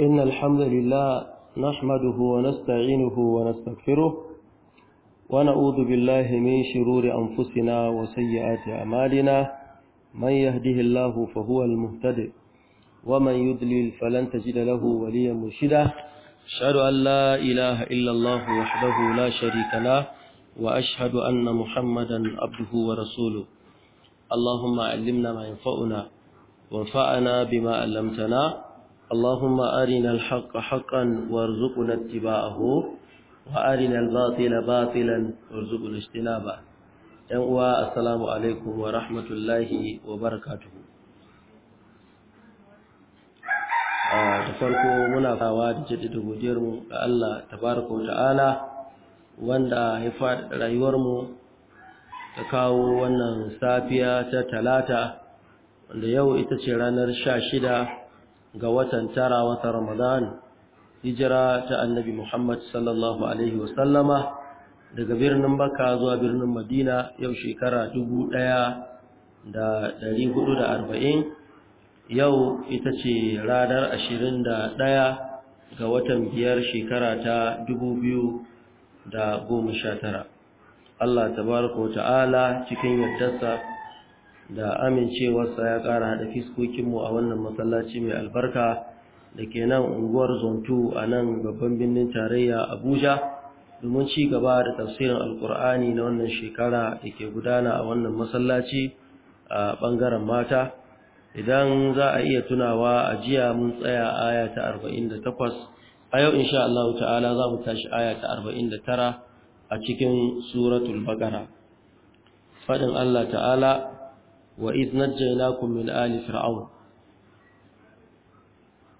إن الحمد لله نحمده ونستعينه ونستغفره ونعوذ بالله من شرور أنفسنا وسيئات أعمالنا من يهده الله فهو المهتد ومن يدلل فلن تجد له وليا مرشدا أشهد أن لا إله إلا الله وحده لا شريك له وأشهد أن محمدا عبده ورسوله اللهم علمنا ما ينفعنا وانفعنا بما علمتنا اللهم أرنا الحق حقا وارزقنا اتباعه وأرنا الباطل باطلا وارزقنا اجتنابه ينقوى السلام عليكم ورحمة الله وبركاته da farko muna farawa da jaddada godiyarmu ga Allah tabaraka ta'ala wanda ya faɗaɗa rayuwarmu ta kawo wannan safiya ta talata wanda yau ita ce ranar sha shida ga watan tara wata Ramadan hijira ta Annabi Muhammad sallallahu alaihi wasallama daga birnin Makka zuwa birnin Madina yau shekara dubu da da hudu arba'in yau ita ce ranar 21 ga watan biyar shekara ta dubu biyu da goma 2019 Allah tabaraka wa ta'ala cikin yaddarsa da amincewarsa ya ƙara haɗa fiskokinmu a wannan masallaci mai albarka da ke nan unguwar zontu a nan babban birnin tarayya abuja domin ci gaba da tafsirin alkur'ani na wannan shekara da ke gudana a wannan masallaci a ɓangaren mata idan za a iya tunawa a jiya mun tsaya aya ta 48 a yau insha Allah ta'ala za mu tashi aya ta tara a cikin suratul bakara Faɗin Allah ta'ala وإذ نجيناكم من Ali Fir'aun,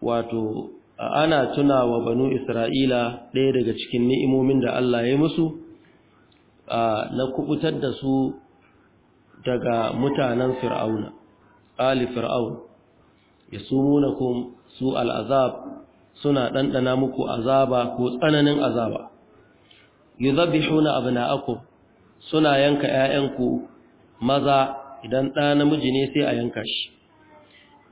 wato ana tuna wa banu isra'ila ɗaya daga cikin ni'imomin da Allah ya musu na kubutar da su daga mutanen fir'auna ali fir'aun yasumunakum su al'azab suna ɗanɗana muku azaba ko tsananin azaba a abna'akum suna yanka 'ya'yanku maza idan ɗa namiji ne sai a yanka shi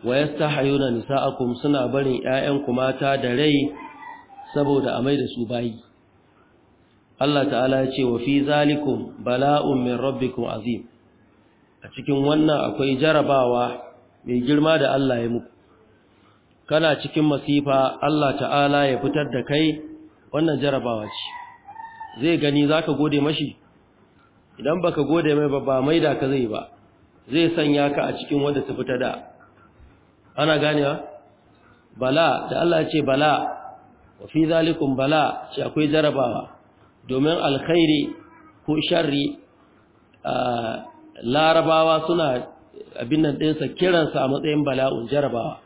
wa hayuna nisa'akum suna barin ƴaƴanku mata da rai saboda a mai da su bayi Allah ta'ala ya ce wa fi zalikum bala'un min rabbikum azim a cikin wannan akwai jarabawa mai girma da Allah ya muku kana cikin masifa Allah ta'ala ya fitar da kai wannan jarabawa ce zai gani zaka gode mashi idan baka gode mai ba ba maida ka zai ba zai sanya ka a cikin wanda ta fita da ana ganewa bala da Allah ce bala wa fi zalikum bala ce akwai jarabawa domin alkhairi ko sharri larabawa suna abin nan ɗinsa kiransa a matsayin bala'un jarabawa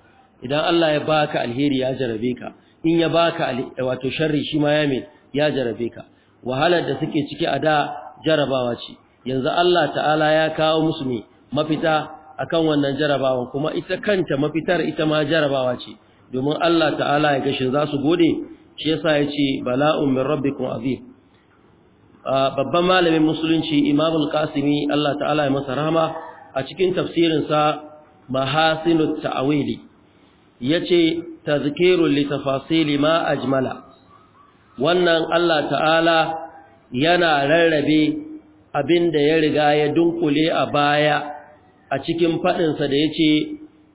idan Allah ya baka alheri ya jarabe ka in ya baka wato sharri shi ma ya ya jarabe ka wahalar da suke ciki a da jarabawa ce yanzu Allah ta'ala ya kawo musu ne mafita akan wannan jarabawan kuma ita kanta mafitar ita ma jarabawa ce domin Allah ta'ala ya gashin za su gode shi yasa ya ce bala'un min rabbikum azim babban malamin musulunci Imam al-Qasimi Allah ta'ala ya masa rahama a cikin tafsirin sa mahasinut ta'wili yace tazkirul li tafasili ma ajmala wannan Allah ta'ala yana rarrabe abin da ya riga ya dunkule a baya a cikin faɗinsa da ya ce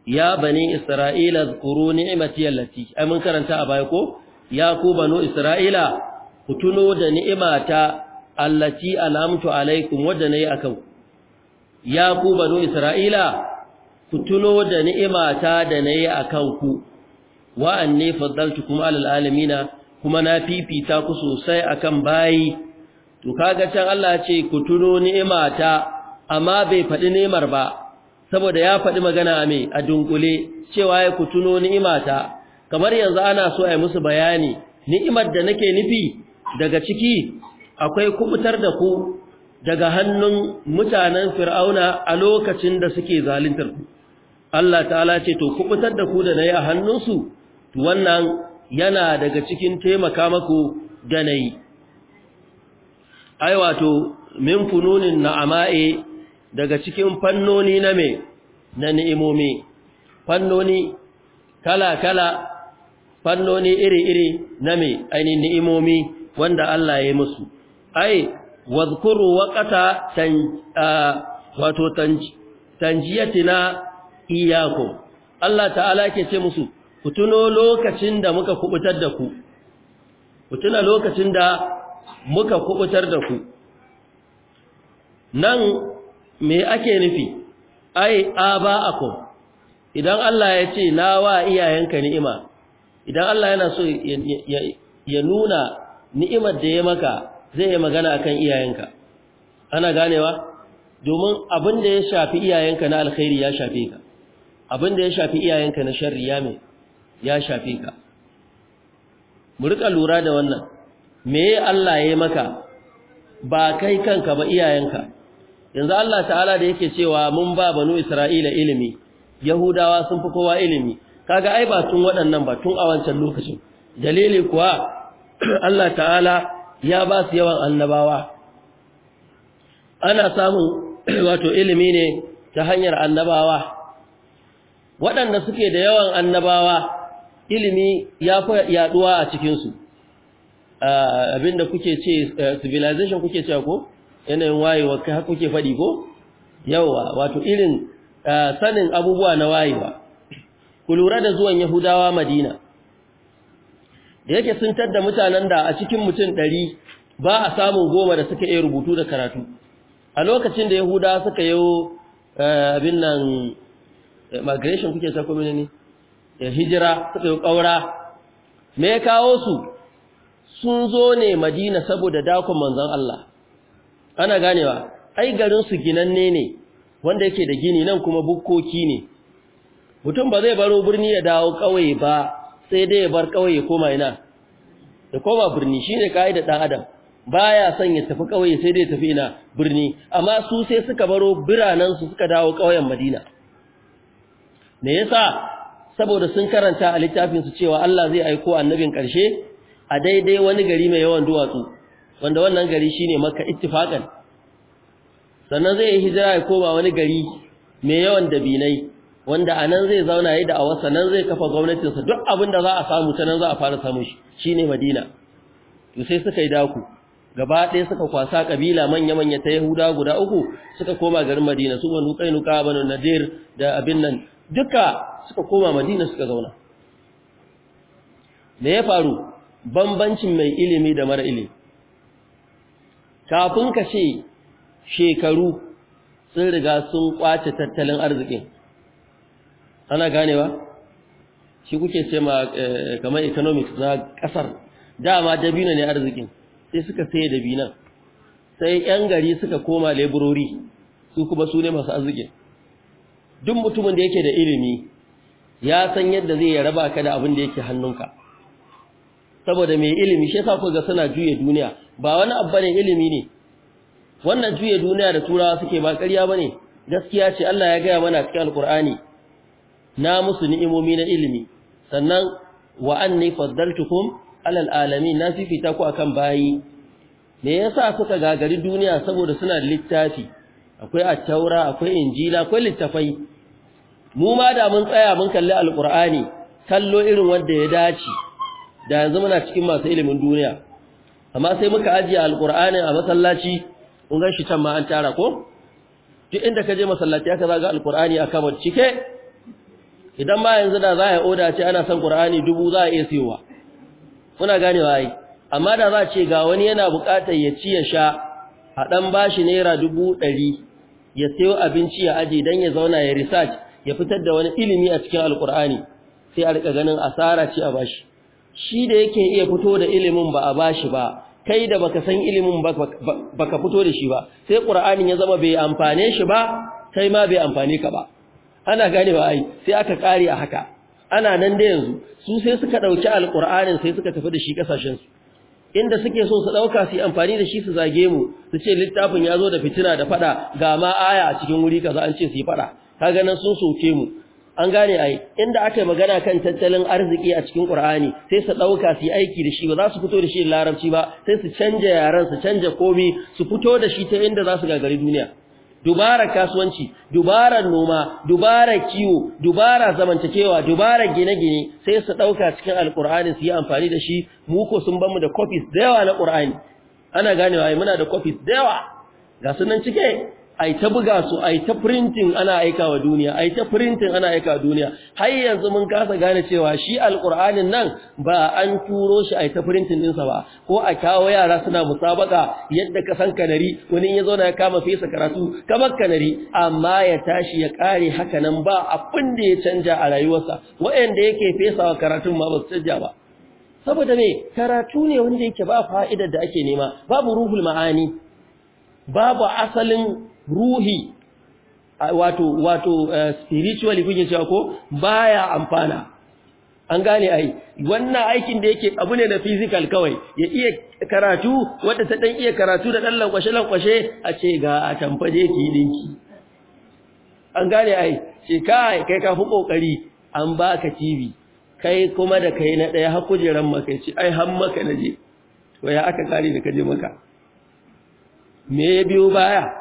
ya bani isra'ila zukuru ni'imati yallati ai mun karanta a bayako, ko ya ku banu isra'ila ku tuno da ni'imata allati alamtu alaikum wadda nayi akan ya ku banu isra'ila ku tuno da ni'imata da nayi akan ku wa anni faddaltukum kuma Alal'amina kuma na fifita ku sosai akan bayi to kaga can Allah ce ku tuno ni'imata amma bai faɗi nemar ba saboda ya faɗi magana mai a dunkule cewa ya ku tuno ni'imata kamar yanzu ana so a yi musu bayani ni'imar da nake nufi daga ciki akwai kubutar da ku daga hannun mutanen fir'auna a lokacin da suke zaluntar ku Allah ta'ala ce to kubutar da ku da na yi a hannunsu wannan yana daga cikin taimaka maku da yi. ai wato min fununin na'ama'e daga cikin fannoni na me na ni'imomi fannoni kala-kala fannoni iri-iri na me aini ni'imomi wanda Allah ya yi musu ai wazkuru waqata tan wato tanjiyatina iyako Allah ta'ala ke ce musu ku tuno lokacin da muka kubutar da ku ku lokacin da muka kubutar da ku nan me ake nufi ai a aba'akum idan Allah ya ce na wa iyayenka ni'ima idan Allah yana so ya nuna ni'imar da ya maka zai yi magana akan iyayenka ana ganewa domin abin da ya shafi iyayenka na alkhairi ya shafe ka abin da ya shafi iyayenka na sharri ya me ya shafe ka mu rika lura da wannan me Allah ya maka ba kai kanka ba iyayenka yanzu Allah ta'ala da yake cewa mun ba banu Isra'ila ilimi Yahudawa sun fi kowa ilimi kaga ai ba tun waɗannan ba tun a wancan lokacin dalili kuwa Allah ta'ala ya ba su yawan annabawa ana samun wato ilimi ne ta hanyar annabawa waɗanda suke da yawan annabawa ilimi ya fi yaɗuwa a cikinsu ah, abinda kuke ce eh, civilization kuke ce ko yanayin wayewa kai kuke faɗi ko yawa wato irin sanin abubuwa na wayewa ku lura da zuwan yahudawa madina da yake sun tadda mutanen da a cikin mutum ɗari ba a samun goma da suka iya rubutu da karatu a lokacin da yahudawa suka yi abin nan migration kuke ta kuma ne hijira suka yi ƙaura me ya kawo su sun zo ne madina saboda dakon manzon Allah ana ganewa ai garin su ginanne ne wanda yake da gini nan kuma bukkoki ne mutum ba zai baro birni ya dawo kauye ba sai dai ya bar kauye koma ina da koma birni shine kaida dan adam baya son ya tafi kauye sai dai ya tafi ina birni amma su sai suka baro biranan su suka dawo kauyen Madina me yasa saboda sun karanta a littafin su cewa Allah zai aiko annabin karshe a daidai wani gari mai yawan duwatsu wanda wannan gari shine makka ittifaqan sannan zai yi hijira ya koma wani gari mai yawan dabinai wanda anan zai zauna yayin da a wasa nan zai kafa gwamnatin sa duk abin da za a samu ta nan za a fara samu shi shine Madina to sai suka yi daku gaba ɗaya suka kwasa kabila manya manya ta Yahuda guda uku suka koma garin Madina su Banu Qainuqa Banu Nadir da abin nan duka suka koma Madina suka zauna me ya faru bambancin mai ilimi da mara ilimi kafin ka ce shekaru sun riga sun kwace tattalin arzikin ana ganewa shi kuke ce ma eh, kamar economics na kasar dama dabino ne arzikin sai suka sai dabinan sai yan gari suka koma laborori su kuma su ne masu arzikin duk mutumin da yake da ilimi ya san yadda zai ya raba ka da abin da yake hannunka saboda mai ilimi shi yasa ga suna juya duniya ba wani abu ne ilimi ne wannan juya duniya da turawa suke ba ƙarya bane gaskiya ce Allah ya gaya mana cikin alkur'ani na musu ni'imomi na ilimi sannan wa anni faddaltukum alal alamin na fifita ku akan bayi me yasa suka gagari duniya saboda suna da littafi akwai attaura, akwai injila akwai littafai mu ma da mun tsaya mun kalli alkur'ani kallo irin wanda ya dace da yanzu muna cikin masu ilimin duniya amma sai muka ajiye alqur'ani a masallaci kun ga shi can ma an tara ko duk inda ka je masallaci aka zaga alqur'ani a kamar cike idan ma yanzu da za a oda ce ana son qur'ani dubu za a iya siyowa kuna gane ai amma da za a ce ga wani yana buƙatar ya ci ya sha a dan bashi naira dubu ɗari ya sayo abinci ya aje dan ya zauna ya research ya fitar da wani ilimi a cikin alqur'ani sai a rika ganin asara ce a bashi shi da yake iya fito da ilimin ba a bashi ba kai da baka san ilimin baka fito da shi ba sai qur'anin ya zama bai amfane shi ba kai ma bai amfane ka ba ana gane ba ai sai aka kare a haka ana nan da yanzu su sai suka dauki alqur'anin sai suka tafi da shi kasashen su inda suke so su dauka su amfani da shi su zage mu su ce littafin ya zo da fitina da fada ga ma aya a cikin wuri kaza an ce su yi fada kaga nan sun soke mu an gane ai inda aka yi magana kan tattalin arziki a cikin Qur'ani sai su ɗauka su yi aiki da shi ba za su fito da shi da larabci ba sai su canja yaren, su canja komi su fito da shi ta inda za su gagari duniya dubara kasuwanci dubara noma dubara kiwo dubara zamantakewa dubara gine-gine sai su ɗauka cikin alkur'ani su yi amfani da shi mu ko sun bamu da copies da yawa na ƙur'ani. ana ganewa ai muna da copies da yawa ga sunan cike ai ta buga su ai ta printing ana aika wa duniya ai ta printing ana aika wa duniya har yanzu mun kasa gane cewa shi alqur'anin nan ba an turo shi ai ta printing din sa ba ko a kawo yara suna musabaka yadda ka san kanari wani ya zo na ya kama fesa karatu kamar kanari amma ya tashi ya kare haka nan ba abin da ya canja a rayuwarsa waɗanda yake fesawa karatun ma ba su canja ba saboda me karatu ne wanda yake ba fa'idar da ake nema babu ruhul ma'ani babu asalin ruhi wato wato eh, spiritually kun cewa ko baya amfana an gane ai wannan aikin da yake abu ne na physical kawai ya iya karatu wanda ta dan iya karatu da dan lankwashe lankwashe a ce ga a tamfaje ki dinki an gane ai ce kai kai ka fi kokari an baka TV kai kuma da kai na daya har kujeran maka ce ai har maka naje to ya aka kare da kaje maka me biyo baya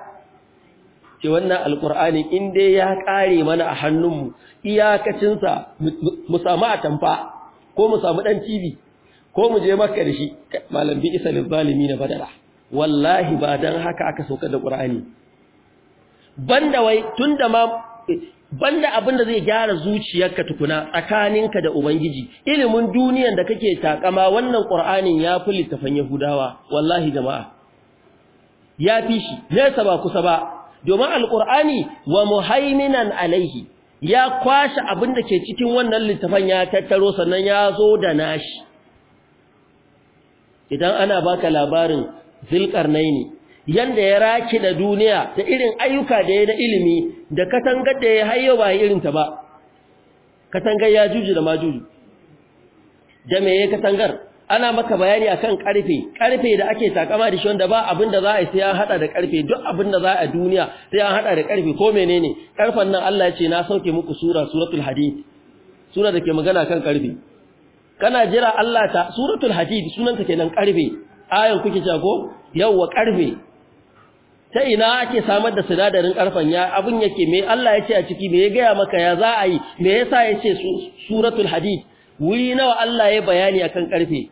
ce wannan alkur'ani in dai ya kare mana a hannunmu iyakacinsa mu samu atamfa ko mu samu dan cibi ko mu je maka da shi malam bi isa lizalimi na badala wallahi ba dan haka aka sauka da qur'ani banda wai tunda ma banda da zai gyara zuciyarka tukuna tsakaninka da ubangiji ilimin duniyan da kake takama wannan qur'anin ya fi littafan yahudawa wallahi jama'a ya fi shi nesa ba kusa ba domin alqur'ani wa muhaiminan alaihi ya kwashi abin da ke cikin wannan littafin ya tattaro sannan ya zo da nashi idan ana baka labarin zilqarnaini yanda ya raki da duniya da irin ayyuka da ya na ilimi da katangar da ya hayo ba irin ta ba katangar ya juju da majuju da me ya katangar ana maka bayani akan karfe karfe da ake takama da shi wanda ba abin da za a yi sai an hada da karfe duk abin da za a duniya sai an hada da karfe ko menene karfan nan Allah ya ce na sauke muku sura suratul hadid sura da ke magana kan karfe kana jira Allah ta suratul hadid sunanta kenan karfe ayan kuke cewa ko yawa karfe ta ina ake samar da sinadarin karfan ya abin yake me Allah ya ce a ciki me ya gaya maka ya za a yi me yasa ya ce suratul hadid wuri nawa Allah ya bayani akan karfe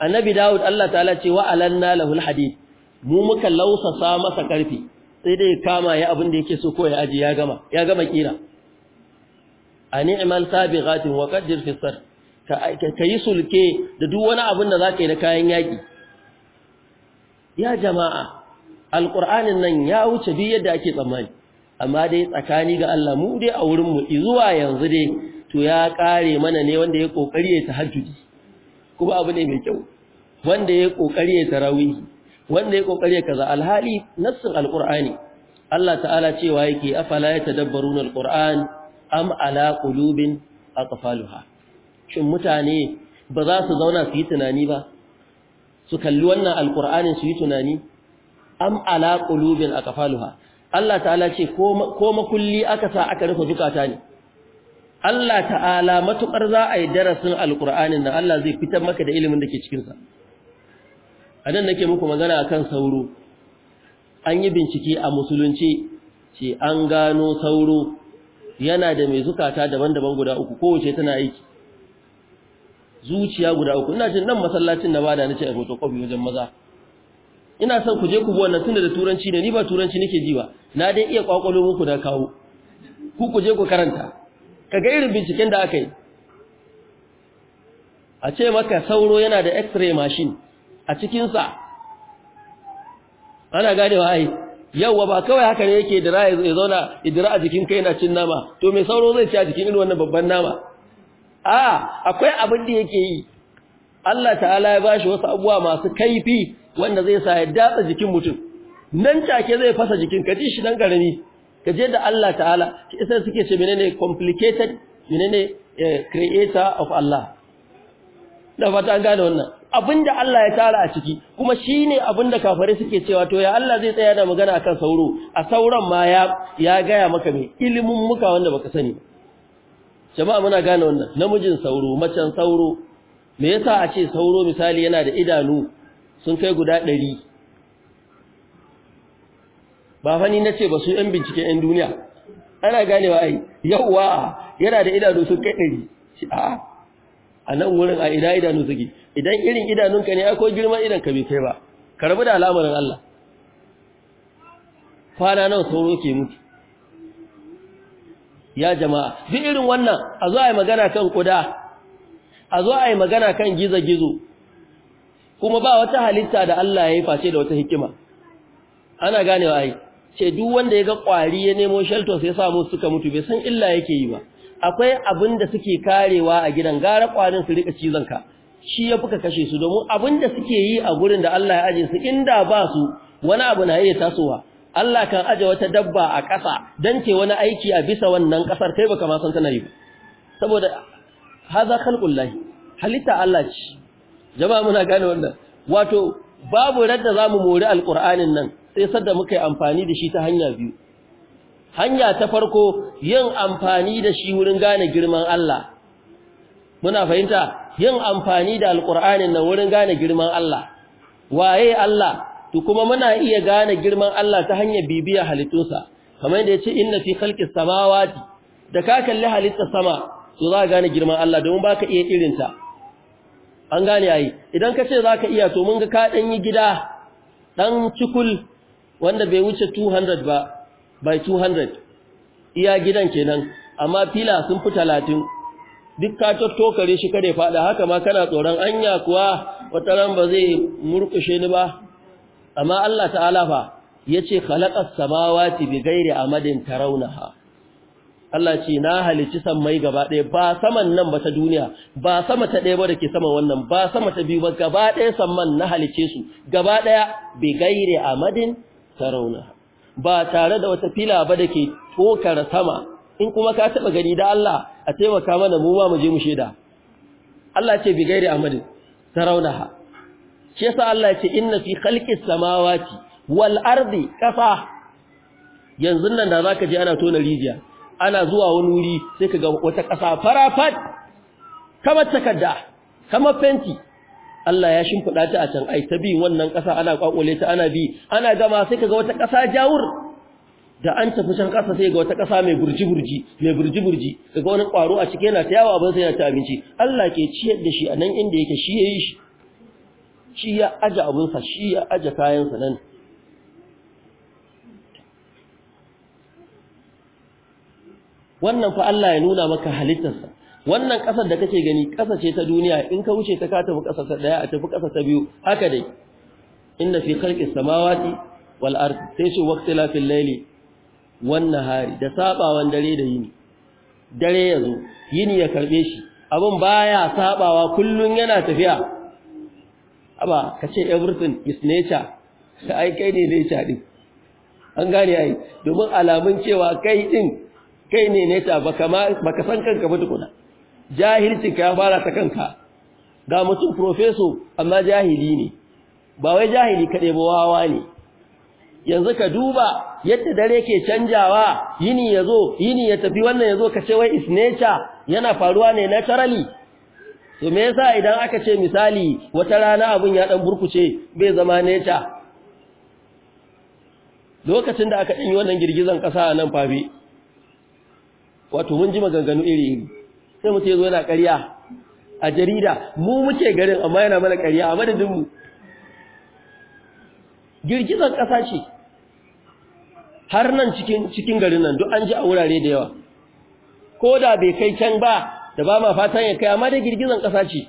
annabi Dawud Allah ta'ala ce wa alanna lahul hadid mu muka lausasa masa karfi sai dai kama ya abin da yake so ko ya aji ya gama ya gama kira ani imal sabighatin wa qaddir fi sar ka yi sulke da duk wani abin da zaka yi da kayan yaki ya jama'a alqur'anin nan ya wuce duk yadda ake tsammani amma dai tsakani ga Allah mu dai a wurin mu zuwa yanzu dai to ya kare mana ne wanda ya kokari ya tahajjudi kuma abu ne mai kyau wanda ya kokari ya tarawihi wanda ya kokari ya kaza alhali nassin alqur'ani Allah ta'ala cewa yake afala yatadabbaruna alqur'an am ala qulubin aqfaluha shin mutane ba za su zauna su yi tunani ba su kalli wannan alqur'anin su yi tunani am ala qulubin aqfaluha Allah ta'ala ce ko makulli aka sa aka rufe zukata ne Allah ta'ala matukar za a yi darasin alkur'anin nan Allah zai fitar maka da ilimin da ke cikinsa a nan nake muku magana a kan sauro an yi bincike a musulunci ce an gano sauro yana da mai zukata daban-daban guda uku kowace tana aiki zuciya guda uku ina jin nan masallacin na bada nace a photocopy wajen maza ina son ku je ku bi tunda da turanci ne ni ba turanci nake ji ba na dai iya kwakwalo muku da kawo ku ku je ku karanta kaga irin binciken da aka yi a ce maka sauro yana da x-ray machine a cikinsa ana gane wa ai yauwa ba kawai haka ne yake da ya zauna idira a jikin kai na cin nama to mai sauro zai ci a jikin irin wannan babban nama a akwai abin da yake yi Allah ta'ala ya bashi wasu abubuwa masu kaifi wanda zai sa ya datsa jikin mutum nan take zai fasa jikin ka ji shi dan karami kaje da Allah ta'ala shi isa suke ce menene complicated menene eh, creator of Allah da fata an gane wannan abinda Allah ya tara a ciki kuma shine abinda kafare suke cewa to ya Allah zai tsaya da magana akan sauro a sauran ma ya ya gaya maka me ilimin muka wanda baka sani jama'a muna gane wannan namijin sauro macen sauro me yasa a ce sauro misali yana da idanu sun kai guda ɗari ba fani na ce ba su yan bincike yan duniya ana ganewa ai yauwa yana da idanu sun kai ɗari a a nan wurin a ina idanu suke idan irin idanunka ne akwai girman idan ka bai kai ba ka da al'amarin Allah na nan sauro ke mutu ya jama'a duk irin wannan a zo a yi magana kan kuda a zo a yi magana kan gizo-gizo kuma ba wata halitta da Allah ya yi face da wata hikima ana ganewa ai ce duk wanda ya ga kwari ya nemo shelter sai ya samu suka mutu bai san illa yake yi ba akwai abin da suke karewa a gidan gara kwarin su rika cizon ka shi ya fuka kashe su domin abin da suke yi a gurin da Allah ya aje su inda ba su wani abu na iya tasowa Allah kan aje wata dabba a ƙasa dan ce wani aiki a bisa wannan ƙasar kai baka ma san tana yi saboda haza khalqullahi halitta Allah ce jama'a muna gane wannan wato babu radda zamu mori alqur'anin nan sai sadda muka yi amfani da shi ta hanya biyu hanya ta farko yin amfani da shi wurin gane girman Allah muna fahimta yin amfani da alkur'anin na wurin gane girman Allah waye Allah to kuma muna iya gane girman Allah ta hanyar bibiya halittunsa kamar yadda yace inna fi khalqis samawati da ka kalli halittar sama to za ka gane girman Allah domin baka iya irinta an gane yayi idan ka ce zaka iya to mun ga ka dan gida ɗan cikul wanda bai wuce 200 ba by 200 iya gidan kenan amma fila sun fi 30 duk ka kare shi kare ya fada haka ma kana tsoron anya kuwa wata ran ba zai murkushe ni ba amma Allah ta'ala fa yace khalaqas samawati bighairi amadin tarawnaha Allah ce na halici sammai gaba ɗaya ba saman nan ba ta duniya ba sama ta ɗaya ba da ke sama wannan ba sama ta biyu ba gaba ɗaya samman na halice su gaba ɗaya bi gaire amadin tarawna ba tare da wata fila ba da ke tokar sama in kuma ka taɓa gani da Allah a taimaka mana mu ma mu je mu sheda Allah ce bi gairi amadin ha shi yasa Allah ce inna fi khalqis samawati wal ardi kafa yanzu nan da zaka je ana tona rijiya ana zuwa wani wuri sai ka ga wata kasa farafat Kama takarda kama fenti Allah ya shimfiɗa ta a can ai ta bi wannan ƙasa ana kwakwale ta ana bi ana gama sai kaga wata ƙasa jawur da an tafi can ƙasa sai ga wata ƙasa mai burji-burji mai burji-burji kaga wani ƙwaro a cike yana ta yawo abin sai yana ta abinci Allah ke ciyar da shi a nan inda yake shi ya shi shi ya aje sa shi ya aje kayansa nan wannan fa Allah ya nuna maka halittarsa wannan ƙasar da kake gani ƙasa ce ta duniya in ka wuce ta ka tafi ƙasa ta daya a tafi ƙasa ta biyu haka dai inna fi khalqis samawati wal ard sai shi fil layli wan nahari da sabawan dare da yini dare yazo yini ya karbe shi abun baya sabawa kullun yana tafiya aba kace everything is nature ai kai ne nature din an gane ai domin alamun cewa kai din kai ne nature baka baka san kanka ba tukuna jahilcin ka ya fara ta kanka ga mutum profeso amma jahili ne ba wai jahili kaɗai ba wawa ne yanzu ka duba yadda dare ke canjawa yini ya zo yini ya tafi wannan ya zo ka ce wai is nature yana faruwa ne naturally to me yasa idan aka ce misali wata rana abin ya ɗan burkuce bai zama nature lokacin da aka yi wannan girgizan ƙasa a nan fafi wato mun ji maganganu iri iri sai mutum ya zo yana ƙarya a jarida mu muke garin amma yana mana ƙarya a madadin mu girgizar ƙasa ce har nan cikin cikin garin nan duk an ji a wurare da yawa ko da bai kai can ba da ba ma fatan ya kai amma da girgizar ƙasa ce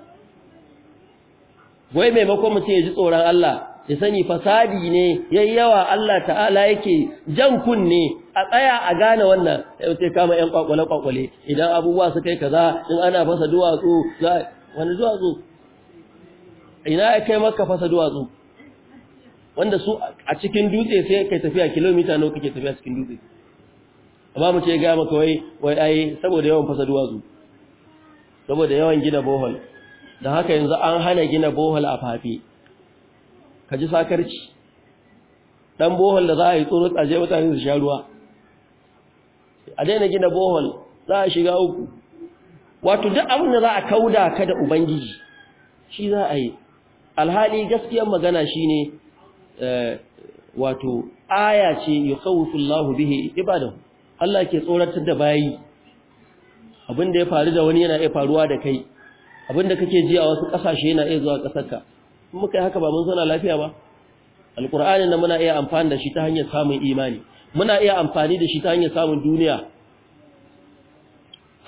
wai maimakon mutum ya ji tsoron Allah ya sani fasadi ne yayyawa Allah ta'ala yake jan kunne a tsaya a gane wannan sai kama ƴan kwakwale kwakwale idan abubuwa su kai kaza in ana fasa duwatsu za wani duwatsu ina ya kai maka fasa duwatsu wanda su a cikin dutse sai kai tafiya kilomita nawa kake tafiya cikin dutse amma mu ce ga maka wai wai ai saboda yawan fasa duwatsu saboda yawan gina bohol dan haka yanzu an hana gina bohol a fafi ka ji sakarci dan bohol da za a yi tsoro a mutane su sha ruwa a daina gina bohol za a shiga uku wato duk abin da za a kauda ka da ubangiji shi za a yi alhali gaskiyar magana shine eh, wato aya ce yukhawwifu Allahu bihe ibadan Allah ke tsoratar da bayi abin da ya faru da wani yana iya faruwa da kai abin da kake ji a wasu ƙasashe yana iya zuwa kasarka muka yi haka ba mun zauna lafiya ba alqur'ani nan muna iya amfani da shi ta hanyar samun imani muna iya amfani da shi ta hanyar samun duniya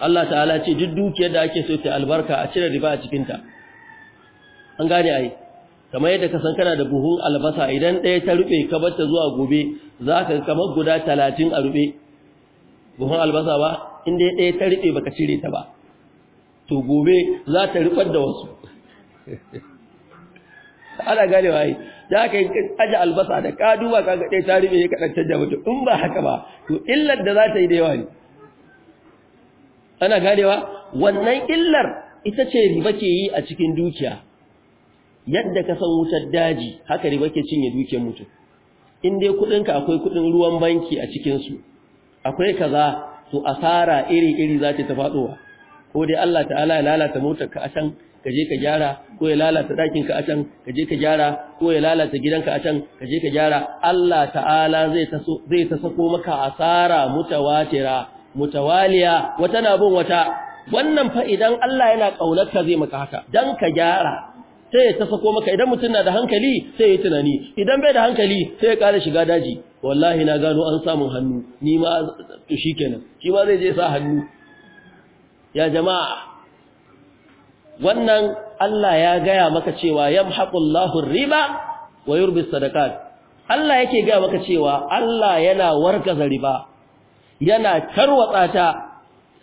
Allah ta'ala ce duk dukiyar da ake so ta albarka a cire riba a cikin ta an gane ai kamar yadda ka san kana da buhun albasa idan ɗaya ta rufe ka bar zuwa gobe za ka kamar guda talatin a rufe buhun albasa ba inda ɗaya ta rufe baka cire ta ba to gobe za ta rufar da wasu ana gane waye da aka aje albasa da ka duba kaga dai ta rube ka dan canja mutum in ba haka ba to illar da za ta yi da yawa ne ana ganewa wannan illar ita ce riba ke yi a cikin dukiya yadda ka san wutar daji haka riba ke cinye dukiyar mutum in dai kuɗinka, akwai kudin ruwan banki a cikin su akwai kaza to asara iri iri za ta faɗowa ko dai Allah ta'ala ya lalata motar ka a can ka je ka gyara ko ya lalata ɗakinka a can ka je ka gyara ko ya lalata gidanka a can ka je ka gyara Allah ta'ala zai ta sako maka asara mutawatira mutawaliya wata na bin wata wannan fa idan Allah yana ka zai maka haka dan ka gyara sai ya ta sako maka idan mutum na da hankali sai ya tunani idan bai da hankali sai ya ƙara shiga daji wallahi na gano an samun hannu ni ma to shikenan shi ma zai je sa hannu ya jama'a wannan Allah ya gaya maka cewa yamhaqullahu riba wa yurbis sadaqat Allah yake gaya maka cewa Allah yana warkaza riba yana tarwatsa ta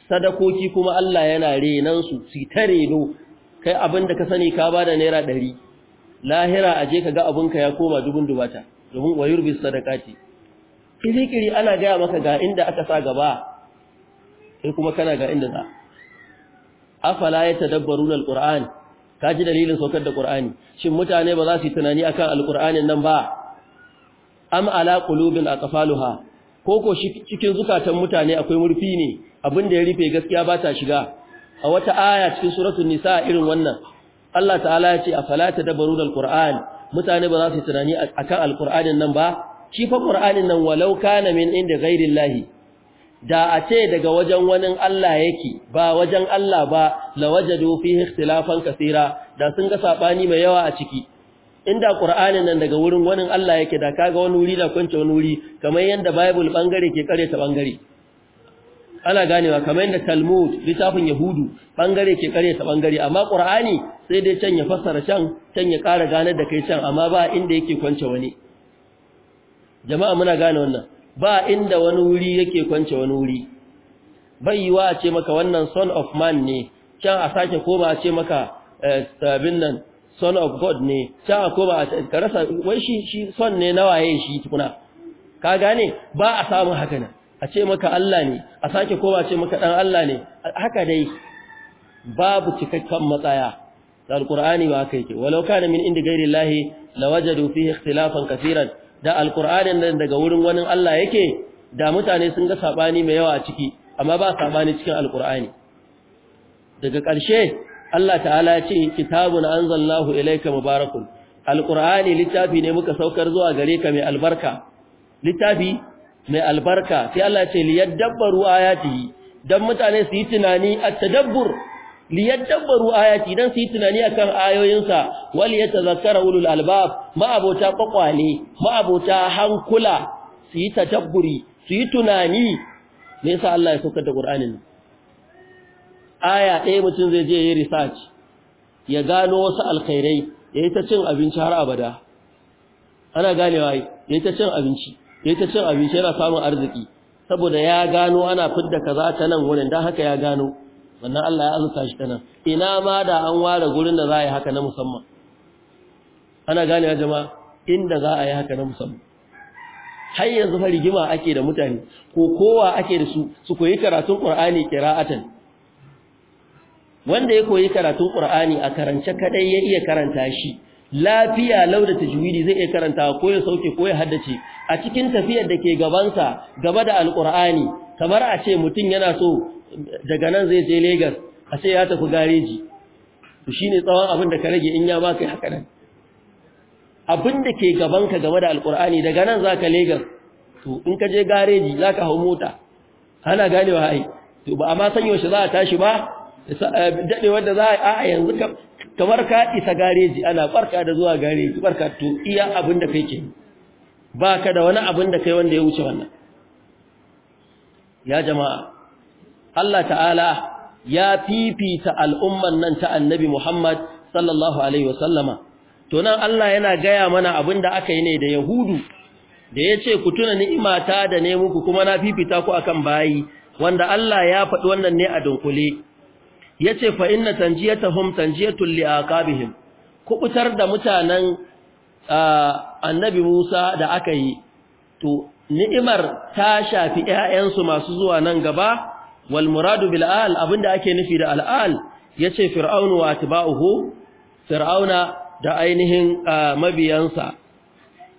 sadakoki kuma Allah yana renan su su ta reno kai abinda ka sani ka bada naira 100 lahira aje ga abinka ya koma dubun dubata dubun wa yurbis sadakati kiri kiri ana gaya maka ga inda aka sa gaba kai kuma kana ga inda za afala yatadabbaruna alquran kaji dalilin saukar da qur'ani shin mutane ba za su yi tunani akan alqur'anin nan ba am ala qulubin aqfaluha koko cikin zukatan mutane akwai murfi ne abin da ya rufe gaskiya ba ta shiga a wata aya cikin suratul nisa irin wannan Allah ta'ala ya ce afala tadabbaruna alquran mutane ba za su yi tunani akan alqur'anin nan ba shi fa qur'anin nan walau kana min inda ghairillahi da a ce daga wajen wani Allah yake ba wajen Allah ba la wajadu fihi ikhtilafan kaseera da sun ga sabani mai yawa a ciki inda qur'anin nan daga wurin wani Allah yake da kaga wani wuri da kwance wani wuri kamar yanda bible bangare ke kare ta bangare ana ganewa kamar yanda talmud littafin yahudu bangare ke kare ta bangare amma qur'ani sai dai can ya fassara can can ya kara ganar da kai can amma ba inda yake kwance wani jama'a muna gane wannan ba inda wani wuri yake kwance wani wuri bai wa a ce maka wannan son of man ne can a sake koma a ce maka sabin eh, nan son of god ne can a koma a ka rasa wai shi shi son ne na waye shi tukuna ka gane ba a samun haka nan a ce maka Allah ne a sake koma a ce maka dan Allah ne haka dai babu cikakken matsaya da Alkur'ani ba haka yake walau kana min inda ghairi llahi lawajadu fihi ikhtilafan kaseeran da alkur'anin nan daga wurin wani Allah yake da mutane sun ga saɓani mai yawa a ciki amma ba saɓani cikin alkur'ani daga ƙarshe Allah ta'ala ya ce kitabun anzalnahu ilayka mubarakun alkur'ani littafi ne muka saukar zuwa gare ka mai albarka littafi mai albarka sai Allah ya ce ya ayatihi dan mutane su yi tunani at-tadabbur liyadabbaru ayati dan su yi tunani akan ayoyinsa wal yatazakkara ulul albab ma'abota ma ma'abota hankula su yi tadabburi su yi tunani me yasa Allah ya saukar da Qur'anin aya ɗaya mutum zai je yi research ya gano wasu alkhairai yayin ta cin abinci har abada ana ganewa yayin ta cin abinci yayin ta cin abinci yana samun arziki saboda ya gano ana fidda kaza ta nan wurin dan haka ya gano wannan Allah ya azurta shi tana ina ma da an ware gurin da za a yi haka na musamman ana gane jama'a inda za a yi haka na musamman har yanzu fa rigima ake da mutane ko kowa ake da su su koyi karatun Qur'ani qira'atan wanda ya koyi karatun ƙur'ani a karance kadai ya iya karanta shi lafiya lauda tajwidi zai iya karanta ko ya sauke ko ya haddace a cikin tafiyar da ke gabansa gaba da alqur'ani kamar a ce mutum yana so daga nan zai je Legas a sai ya tafi gareji to shine tsawon abin da ka rage in ya baka haka nan abin da ke gaban ka game da alkur'ani daga nan zaka Legas to in ka je gareji zaka hau mota ana ganewa ai to ba amma san shi za a tashi ba dade wanda za a yanzu kamar ka isa gareji ana barka da zuwa gareji barka to iya abin da kake ke ba ka da wani abin da kai wanda ya wuce wannan ya jama'a Allah ta'ala ya fifita al'umman nan ta annabi Muhammad sallallahu alaihi wasallama to nan Allah yana gaya mana abin da aka yi ne da Yahudu da ya ce ku tuna ni'imata da ne muku kuma na fifita ku akan bayi wanda Allah ya faɗi wannan ne a dunkule ya ce fa inna tanjiyatahum tanjiyatul liaqabihim kubutar da mutanen annabi Musa da aka yi to ni'imar ta shafi ƴaƴansu masu zuwa nan gaba wal muradu bil al abinda ake nufi da al'al, ya ce fir'aunu wa atba'uhu fir'auna da ainihin mabiyansa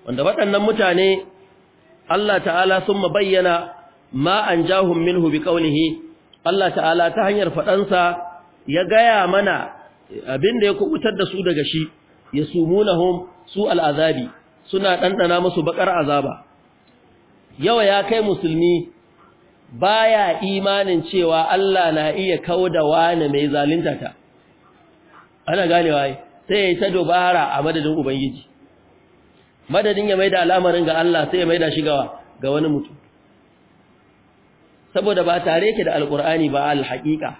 wanda waɗannan mutane Allah ta'ala sun ma bayyana ma anjahum minhu biqaulihi Allah ta'ala ta hanyar faɗansa ya gaya mana abinda ya kubutar da su daga shi ya yasumunahum su al'azabi suna ɗanɗana musu baƙar azaba yawa ya kai musulmi baya imanin cewa Allah na iya kauda wani mai zalunta ta ana ganewa waye sai ya ta dubara a madadin ubangiji madadin ya maida al'amarin ga Allah sai ya maida shi shigawa ga wani mutum saboda ba tare yake da alkur'ani ba alhaqiqa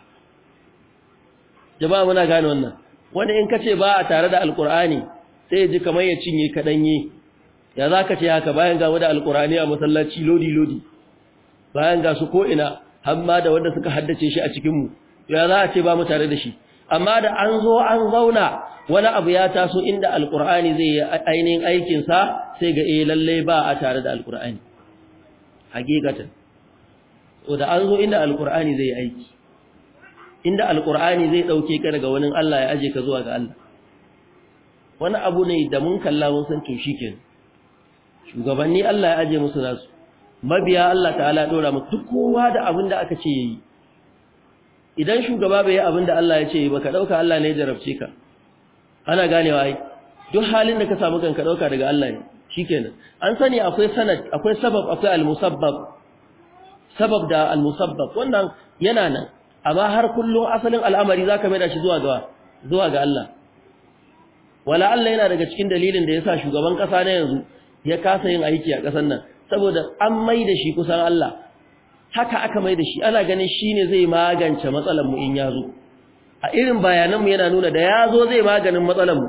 jama'a muna gane wannan wanda in kace ba a tare da alkur'ani sai ji kamar ya cinye kadanye ya zaka ce haka bayan ga da alkur'ani a masallaci lodi lodi bayan ga su ko ina hamma da wanda suka haddace shi a cikin mu ya za a ce ba mu tare da shi amma da an zo an zauna wani abu ya taso inda alkur'ani zai yi ainihin aikinsa sai ga eh lalle ba a tare da alkur'ani hakikatan to da an zo inda alkur'ani zai yi aiki inda alkur'ani zai dauke ka daga wani Allah ya aje ka zuwa ga Allah wani abu ne da mun kalla mun san to shikenan shugabanni Allah ya aje musu nasu mabiya Allah ta'ala dora mu duk kowa da abin da aka ce yayi idan shugaba bai yi abin da Allah ya ce ba ka dauka Allah ne ya jarabce ka ana ganewa ai duk halin da ka samu kanka dauka daga Allah ne shikenan an sani akwai sanad akwai sabab akwai al-musabbab sabab da al-musabbab wannan yana nan amma har kullum asalin al'amari zaka mai da shi zuwa ga zuwa ga Allah wala Allah yana daga cikin dalilin da yasa shugaban kasa na yanzu ya kasa yin aiki a kasar nan saboda an mai da shi kusan Allah haka aka mai da shi ana ganin shi ne zai magance mu in ya zo a irin bayananmu yana nuna da ya zo zai maganin mu.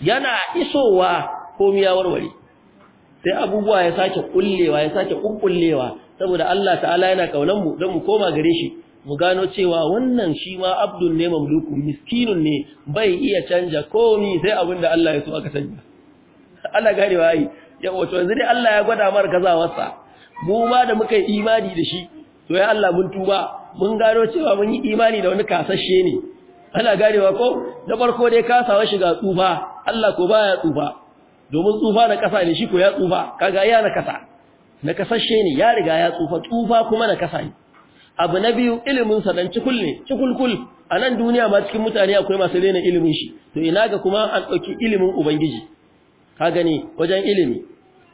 yana isowa komi ya warware sai abubuwa ya sake kullewa ya sake kunkullewa saboda Allah ta'ala yana mu don mu koma gare shi mu gano cewa wannan shi ma Abdul ne mamluku miskinun ne bai iya canja komi sai abinda da Allah ya so aka canja Allah garewa yi yawa to yanzu dai Allah ya gwada mar gazawarsa mu ba da muka yi imani da shi to ya Allah mun tuba mun gano cewa mun yi imani da wani kasashe ne ana ganewa ko da farko dai kasawa shiga tsufa Allah ko baya tsufa domin tsufa na kasa ne shi ko ya tsufa kaga ya na kasa na kasashe ne ya riga ya tsufa tsufa kuma na kasa ne abu na biyu ilimin sa dan cikul ne cikulkul a nan duniya ma cikin mutane akwai masu rena ilimin shi to ina ga kuma an dauki ilimin ubangiji ka gani wajen ilimi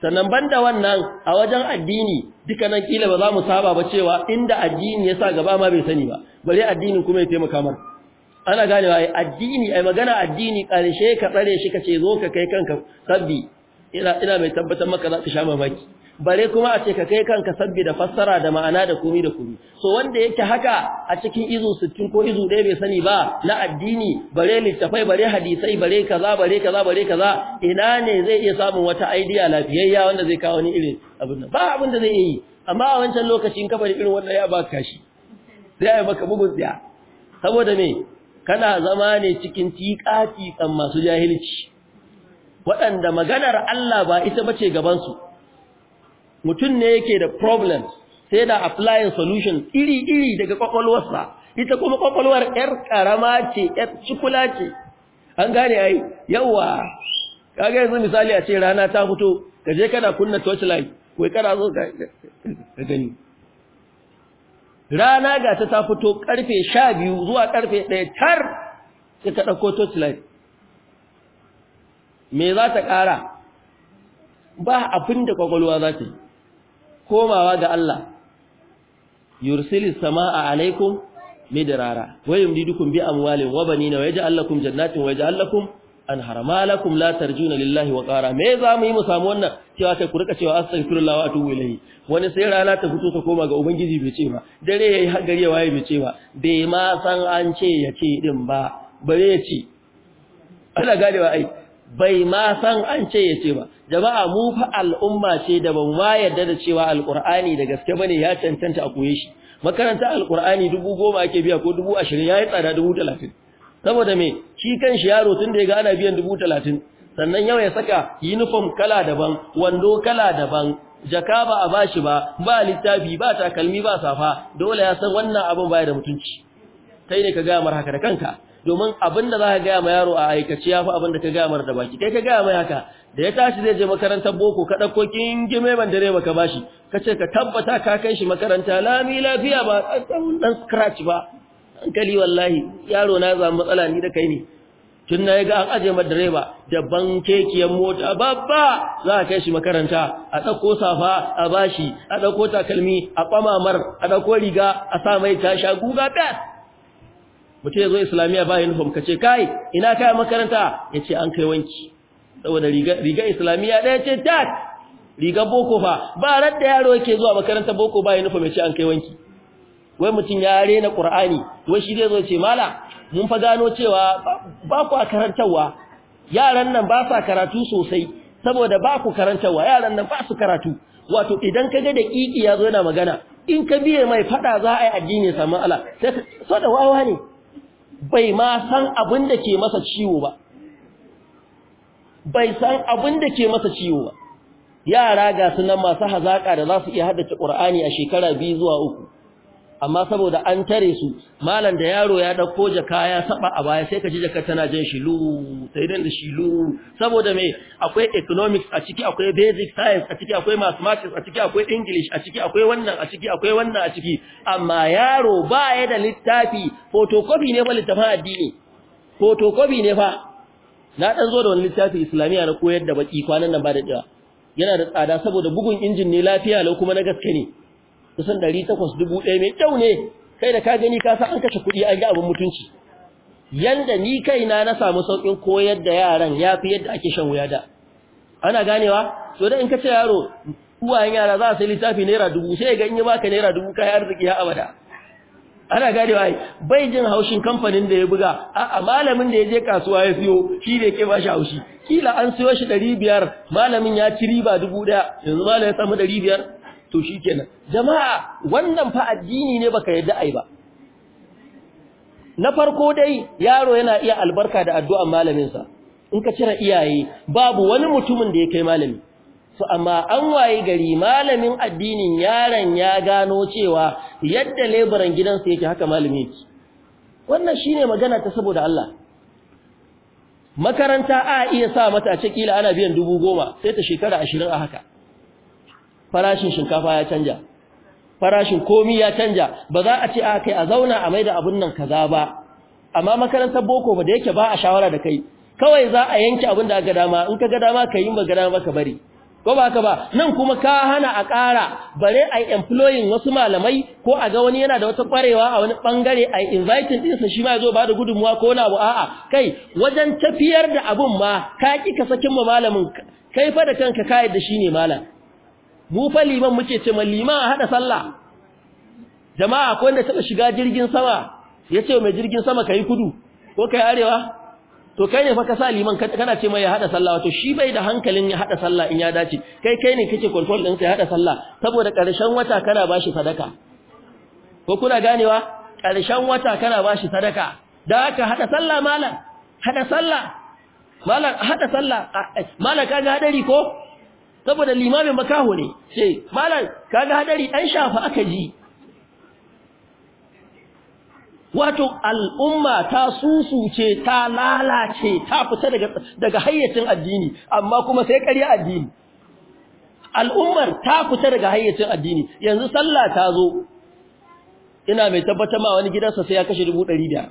sannan banda wannan a wajen addini nan kila ba za mu saba ba cewa inda addini yasa gaba ma bai sani ba bare addinin kuma ya taimaka kamar ana ganewa ai addini ai magana addini karshe ka tsare shi ka ce zo ka kai kanka sabbi ina ina mai tabbatar maka za ka sha mamaki bare kuma a ce ka kai kanka sabbi da fassara da ma'ana da komi da komi so wanda yake haka a cikin izu 60 ko izu ɗaya bai sani ba na addini bare littafai bare hadisai bare kaza bare kaza bare kaza ina ne zai iya samun wata idea lafiyayya wanda zai kawo ni irin abin ba abin da zai yi amma a wancan lokacin ka bari irin wannan ya baka shi sai ai maka bugun tsaya saboda me kana zama ne cikin tiƙati kan masu jahilci waɗanda maganar Allah ba ita bace gabansu mutum ne yake da problem sai da applying solution iri-iri daga kwakwalwarsa ita kuma kwakwalwar yar karama ce yar cikula ce an gane ai yawa kaga yanzu misali a ce rana ta fito ka je kana kunna torchlight kai kana zo ka gani rana ga ta ta fito karfe biyu zuwa karfe ɗaya tar sai ka dauko torchlight me za ta kara ba abin da kwakwalwa za ta yi komawa ga Allah yursili samaa alaikum midrara wa yumdidukum bi amwalin wa banina wa yaj'al lakum jannatin wa yaj'al lakum anhara ma lakum la tarjuna lillahi wa qara me za mu yi mu samu wannan cewa sai ku rika cewa astaghfirullah wa atubu ilayhi wani sai rana ta fito ta koma ga ubangiji bai ce ba dare yayi gari ya waye bai ce ba bai ma san an ce ya din ba bare ce ana gadewa ai bai ma san an ce ya ce ba jama'a mu fa al'umma ce da ban ma yarda da cewa alqur'ani da gaske bane ya cancanta a koye shi makaranta alqur'ani dubu goma ake biya ko dubu ashirin ya yi tsada dubu talatin saboda me shi kan shi yaro tun da ya ga ana biyan dubu talatin sannan yau ya saka uniform kala daban wando kala daban jaka ba a bashi ba ba littafi ba takalmi ba safa dole ya san wannan abin baya da mutunci Sai ne ka gaya mar haka da kanka domin abin da za ka gaya ma yaro a aikace ya fi abin da ka gaya mar da baki kai ka gaya mai haka da ya tashi zai je makarantar boko ka ɗauko kingime ban dare ka bashi ka ce ka tabbata ka kai shi makaranta lami lafiya ba ɗan scratch ba Kali wallahi yaro na zama matsala ni da kai ne tun na ga an aje mar direba da bankekiyar mota babba za a kai shi makaranta a ɗauko safa a bashi a ɗauko takalmi a ɓamamar a ɗauko riga a sa mai tasha guga best mutum ya zo islamiya ba uniform ka ce kai ina kai makaranta ya ce an kai wanki saboda riga islamiya ɗaya ce tak riga boko fa ba ran da yaro yake zuwa makaranta boko ba uniform ya ce an kai wanki wai mutum ya rena qur'ani wai shi zai zo ce mala mun fa gano cewa ba ku karantawa yaran nan ba sa karatu sosai saboda ba ku karantawa yaran nan ba su karatu wato idan ka ga da kiki ya zo yana magana in ka biye mai fada za a yi addini samu Allah sai so da wawa ne bai ma san abin da ke masa ciwo ba bai san abin da ke masa ciwo ba yara ga sunan masu hazaƙa da za su iya haddace ƙur'ani a shekara biyu zuwa uku amma saboda an tare su malam da yaro ya dauko jaka ya saba a baya sai ka ji jaka tana jin shilu sai dan da shilu saboda me akwai economics a ciki akwai basic science a ciki akwai mathematics a ciki akwai english a ciki akwai wannan a ciki akwai wannan a ciki amma yaro ba ya da littafi photocopy ne fa littafin addini photocopy ne fa na dan zo da wani littafi islamiya na koyar da baki kwanan nan ba da dawa yana da tsada saboda bugun injin ne lafiya lau kuma na gaske ne kusan takwas dubu ɗaya mai kyau ne kai da ka gani ka sa an kashe kuɗi an ga abin mutunci yanda ni kaina na samu sauƙin koyar da yaran ya fi yadda ake shan wuya da ana ganewa to da in ka ce yaro uwayen yara za a sai littafi naira dubu sai ga in yi baka naira dubu yi arziki ya abada ana ganewa ai bai jin haushin kamfanin da ya buga a malamin da ya je kasuwa ya siyo shi ne ke ba haushi kila an siyo shi ɗari biyar malamin ya ci riba dubu ɗaya. yanzu malamin ya samu ɗari biyar? to shi kenan jama'a wannan fa addini ne baka yadda ai ba na farko dai yaro yana iya albarka da addu'an sa in ka cire iyaye babu wani mutumin da ya kai malami su amma an waye gari malamin addinin yaron ya gano cewa yadda leburan gidansa yake haka malami yake wannan shine magana ta saboda Allah makaranta a iya sa mata a ce kila ana biyan dubu goma sai ta shekara ashirin a haka farashin shinkafa ya canja farashin komi ya canja ba za a ce a kai a zauna a maida abun nan kaza ba amma makarantar boko ba da yake ba a shawara da kai kawai za a yanke abin da aka dama in ka ga dama ka yi ba ga dama ka bari ko ba ka ba nan kuma ka hana a ƙara bare a yi employing wasu malamai ko a ga wani yana da wata ƙwarewa a wani ɓangare a yi inviting ɗinsa shi ma ya zo ba da gudunmuwa ko na abu a'a kai wajen tafiyar da abun ma ka ƙi ka sakin ma malamin kai fa da kanka ka yadda shi ne malam mu fa liman muke ce ma liman a hada sallah jama'a akwai wanda taba shiga jirgin sama yace mai jirgin sama kai kudu ko kai arewa to kai ne fa ka sa liman kana ce mai ya hada sallah wato shi bai da hankalin ya hada sallah in ya dace kai kai ne kake control din sai hada sallah saboda karshen wata kana bashi sadaka ko kuna ganewa karshen wata kana bashi sadaka da haka hada sallah malam hada sallah malam hada sallah malam kaga hadari ko saboda limamin makaho ne ce malam kaga hadari dan shafa aka ji wato al'umma ta susuce ta lalace ta fita daga daga hayyacin addini amma kuma sai ƙarya addini al'ummar ta fita daga hayyacin addini yanzu sallah ta zo ina mai tabbatar ma wani gidansa sai ya kashe dubu ɗari biyar.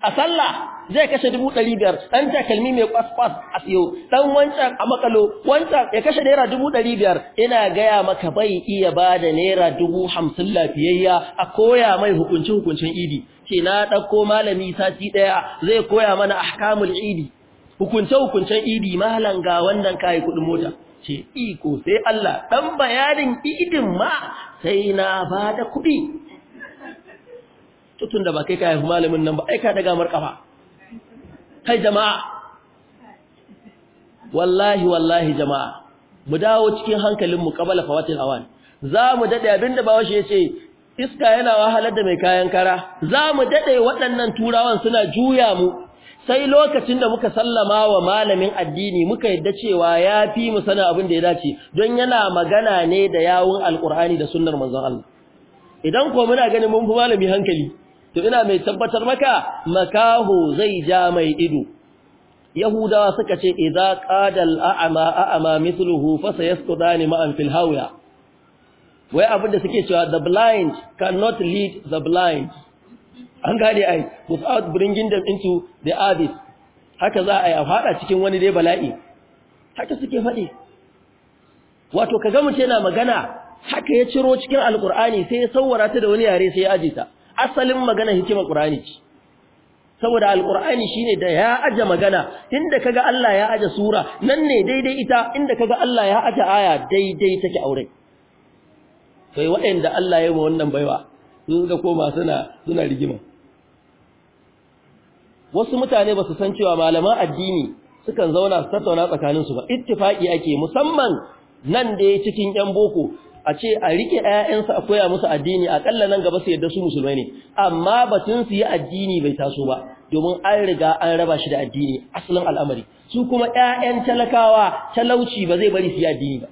a sallah zai kashe dubu ɗari biyar ɗan takalmi mai kwas-kwas a siyo ɗan wancan a makalo wancan ya kashe naira dubu ɗari biyar ina gaya maka bai iya ba da naira dubu hamsin lafiyayya a koya mai hukunci hukuncin idi ke na ɗauko malami sati ɗaya zai koya mana ahkamul idi hukunce hukuncen idi malam ga wannan kayi kuɗin mota ce iko sai Allah ɗan bayanin idin ma sai na ba da kuɗi tutun da ba kai ka haifi malamin nan ba ai ka daga mar kafa kai jama'a wallahi wallahi jama'a mu dawo cikin hankalin mu kabala fawatil awan za mu dade abinda bawashi ce iska yana wahalar da mai kayan kara za mu dade waɗannan turawan suna juya mu sai lokacin da muka sallama wa malamin addini muka yadda cewa ya fi mu sana abin da ya dace don yana magana ne da yawun alƙurani da sunnar manzon Allah idan ko muna ganin mun fi malami hankali to ina mai tabbatar maka makaho zai ja mai ido yahudawa suka ce idza qadal a'ma a'ma mithluhu fa sayasqudani ma'an fil hawya wai abin da suke cewa the blind cannot lead the blind an gane ai without bringing them into the abyss haka za a yi fada cikin wani dai bala'i haka suke faɗi wato kaga mutum yana magana haka ya ciro cikin alkur'ani sai ya sawwara ta da wani yare sai ya aje ta asalin magana hikimar Qur'ani ce saboda alqur'ani shine da ya aje magana inda kaga Allah ya aje sura nan ne daidai ita inda kaga Allah ya aje aya daidai take aure sai waɗanda Allah ya yi wannan baiwa sun ga koma suna suna rigima wasu mutane ba su san cewa malaman addini sukan zauna su tattauna tsakaninsu ba ittifaqi ake musamman nan da cikin yan boko a ce a rike ƴaƴansu a koya musu addini kalla nan gaba su yadda su musulmai ne amma batun su yi addini bai taso ba domin an riga an raba shi da addini asalin al'amari su kuma ƴaƴan talakawa talauci ba zai bari su yi addini ba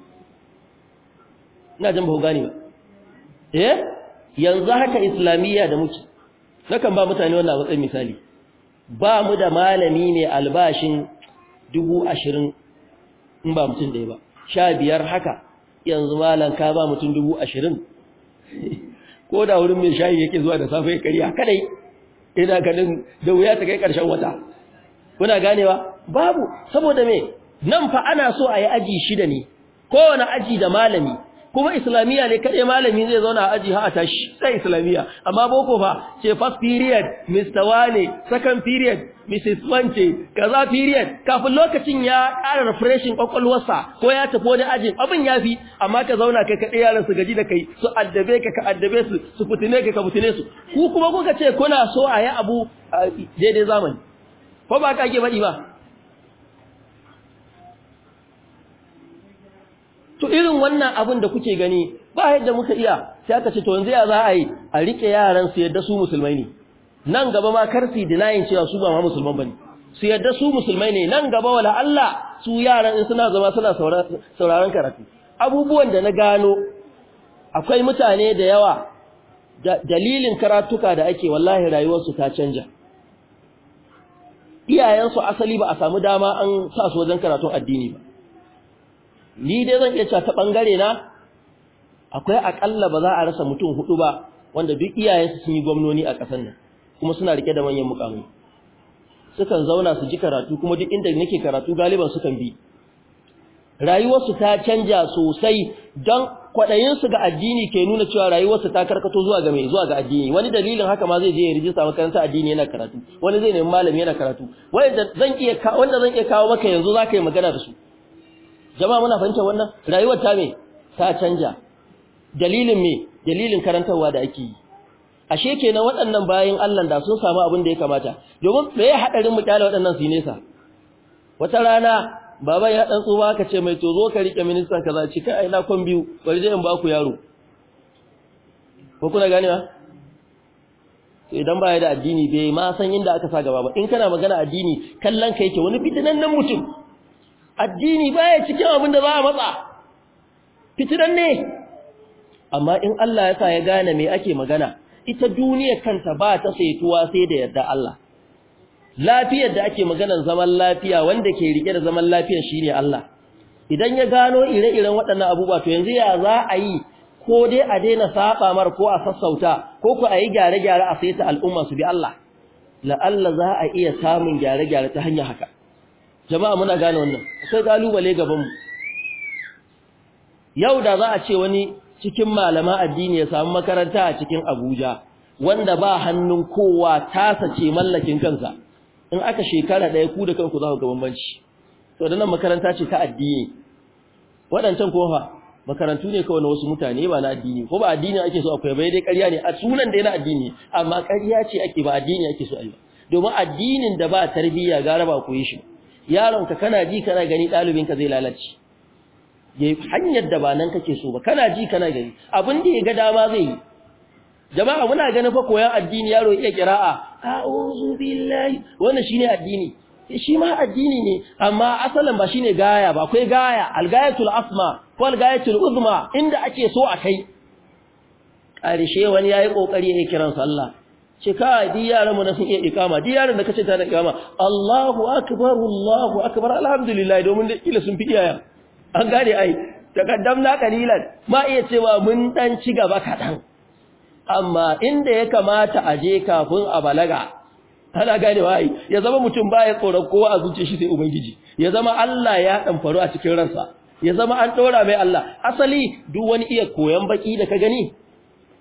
ina jin ba gane ba eh yanzu haka islamiyya da muke na kan ba mutane wannan a matsayin misali ba mu da malami ne albashin dubu ashirin in ba mutum ɗaya ba sha biyar haka yanzu malam ka ba mutum dubu ashirin ko da wurin mai shayi yake zuwa da safe kariya kadai ina ganin da wuya ta kai karshen wata kuna ganewa babu saboda me nan fa ana so a yi aji shida ne kowane aji da malami kuma islamiyya ne kaɗai malami zai zauna a aji ha a tashi sai islamiyya amma boko fa ce first period mr wane second period mrs wance kaza period kafin lokacin ya ƙara refreshin kwakwalwarsa ko ya tafi wani ajin abin ya fi amma ka zauna kai kaɗai yaran su gaji da kai su addabe ka ka addabe su su fitine ka ka fitine su ku kuma kuka ce kuna so a yi abu daidai zamani ko ba ka faɗi ba to irin wannan abin da kuke gani ba yadda muka iya sai aka ce to yanzu ya za a yi a rike yaran su yadda su musulmai ne nan gaba ma kar su cewa su ba ma musulman bane su yadda su musulmai ne nan gaba wala Allah su yaran in suna zama suna sauraron karatu abubuwan da na gano akwai mutane da yawa dalilin karatuka da ake wallahi rayuwarsu ta canja iyayensu asali ba a samu dama an sa su wajen karatun addini ba ni dai zan iya cewa ta bangare na akwai akalla ba za a rasa mutum hudu ba wanda duk iyayensu sun yi gwamnoni a kasar nan kuma suna rike da manyan mukamai sukan zauna su ji karatu kuma duk inda nake karatu galiban sukan bi rayuwarsu ta canja sosai don kwaɗayinsu ga addini ke nuna cewa rayuwarsu ta karkato zuwa ga mai zuwa ga addini wani dalilin haka ma zai je ya rijista makaranta addini yana karatu wani zai nemi malami yana karatu wanda zan iya kawo maka yanzu zaka yi magana da su jama'a muna fahimtar wannan rayuwar ta me ta canja dalilin me dalilin karantarwa da ake yi ashe kenan waɗannan bayan Allah da sun samu abin da ya kamata domin me ya hadarin mu kyale waɗannan su nesa wata rana baba ya dan tsuwa ka ce mai to zo ka rike ministan kaza ci kai ai na kon biyu bari dai in ba ku yaro ko kuna gane ba to idan ba ya da addini bai ma san inda aka sa gaba ba in kana magana addini kallon ka ke wani fitinan mutum addini baya cikin abin da za a matsa fitiran ne amma in Allah ya sa ya gane me ake magana ita duniya kanta ba ta saituwa sai da yarda Allah lafiyar da ake maganar zaman lafiya wanda ke rike da zaman lafiyar shine Allah idan ya gano ire-iren waɗannan abubuwa to yanzu ya za a yi ko dai a daina saba mar ko a sassauta ko ku a yi gyare-gyare a saita al'umma su bi Allah la'alla za a iya samun gyare-gyare ta hanya haka jama'a muna gane wannan akwai galubale gabanmu yau da za a ce wani cikin malama addini ya samu makaranta a cikin Abuja wanda ba hannun kowa tasa ce mallakin kansa in aka shekara ɗaya ku da kanku za ku ga bambanci to da nan makaranta ce ta addini waɗancan kofa makarantu ne kawai na wasu mutane ba na addini ko ba addini ake so akwai bai dai ƙarya ne a sunan da yana addini amma ƙarya ce ake ba addini ake so a yi domin addinin da ba tarbiyya gara ba ku yi shi yaronka kana ji kana gani ɗalibinka zai lalace ya hanyar da ba nan kake so ba kana ji kana gani abin da ya ga dama zai yi jama'a muna ganin fa koyan addini yaro ya kira'a a'udhu billahi wannan shine addini eh, shi ma addini ne amma asalin ba shine gaya ba akwai gaya algayatul asma ko algayatul uzma inda ake so a kai ƙarshe wani yayi kokari ya kiran sallah ce kai di yaran mu na sun iya ikama di yaran da kace ta da ikama Allahu akbar Allahu akbar alhamdulillah domin da kila sun fi iyaya an gane ai na kalilan ma iya cewa mun dan ci gaba kadan amma inda ya kamata a je kafin a balaga ana gane wai ya zama mutum baya tsoron kowa a zuciyar shi sai ubangiji ya zama Allah ya dan faru a cikin ransa ya zama an dora mai Allah asali duk wani iya koyan baki da ka gani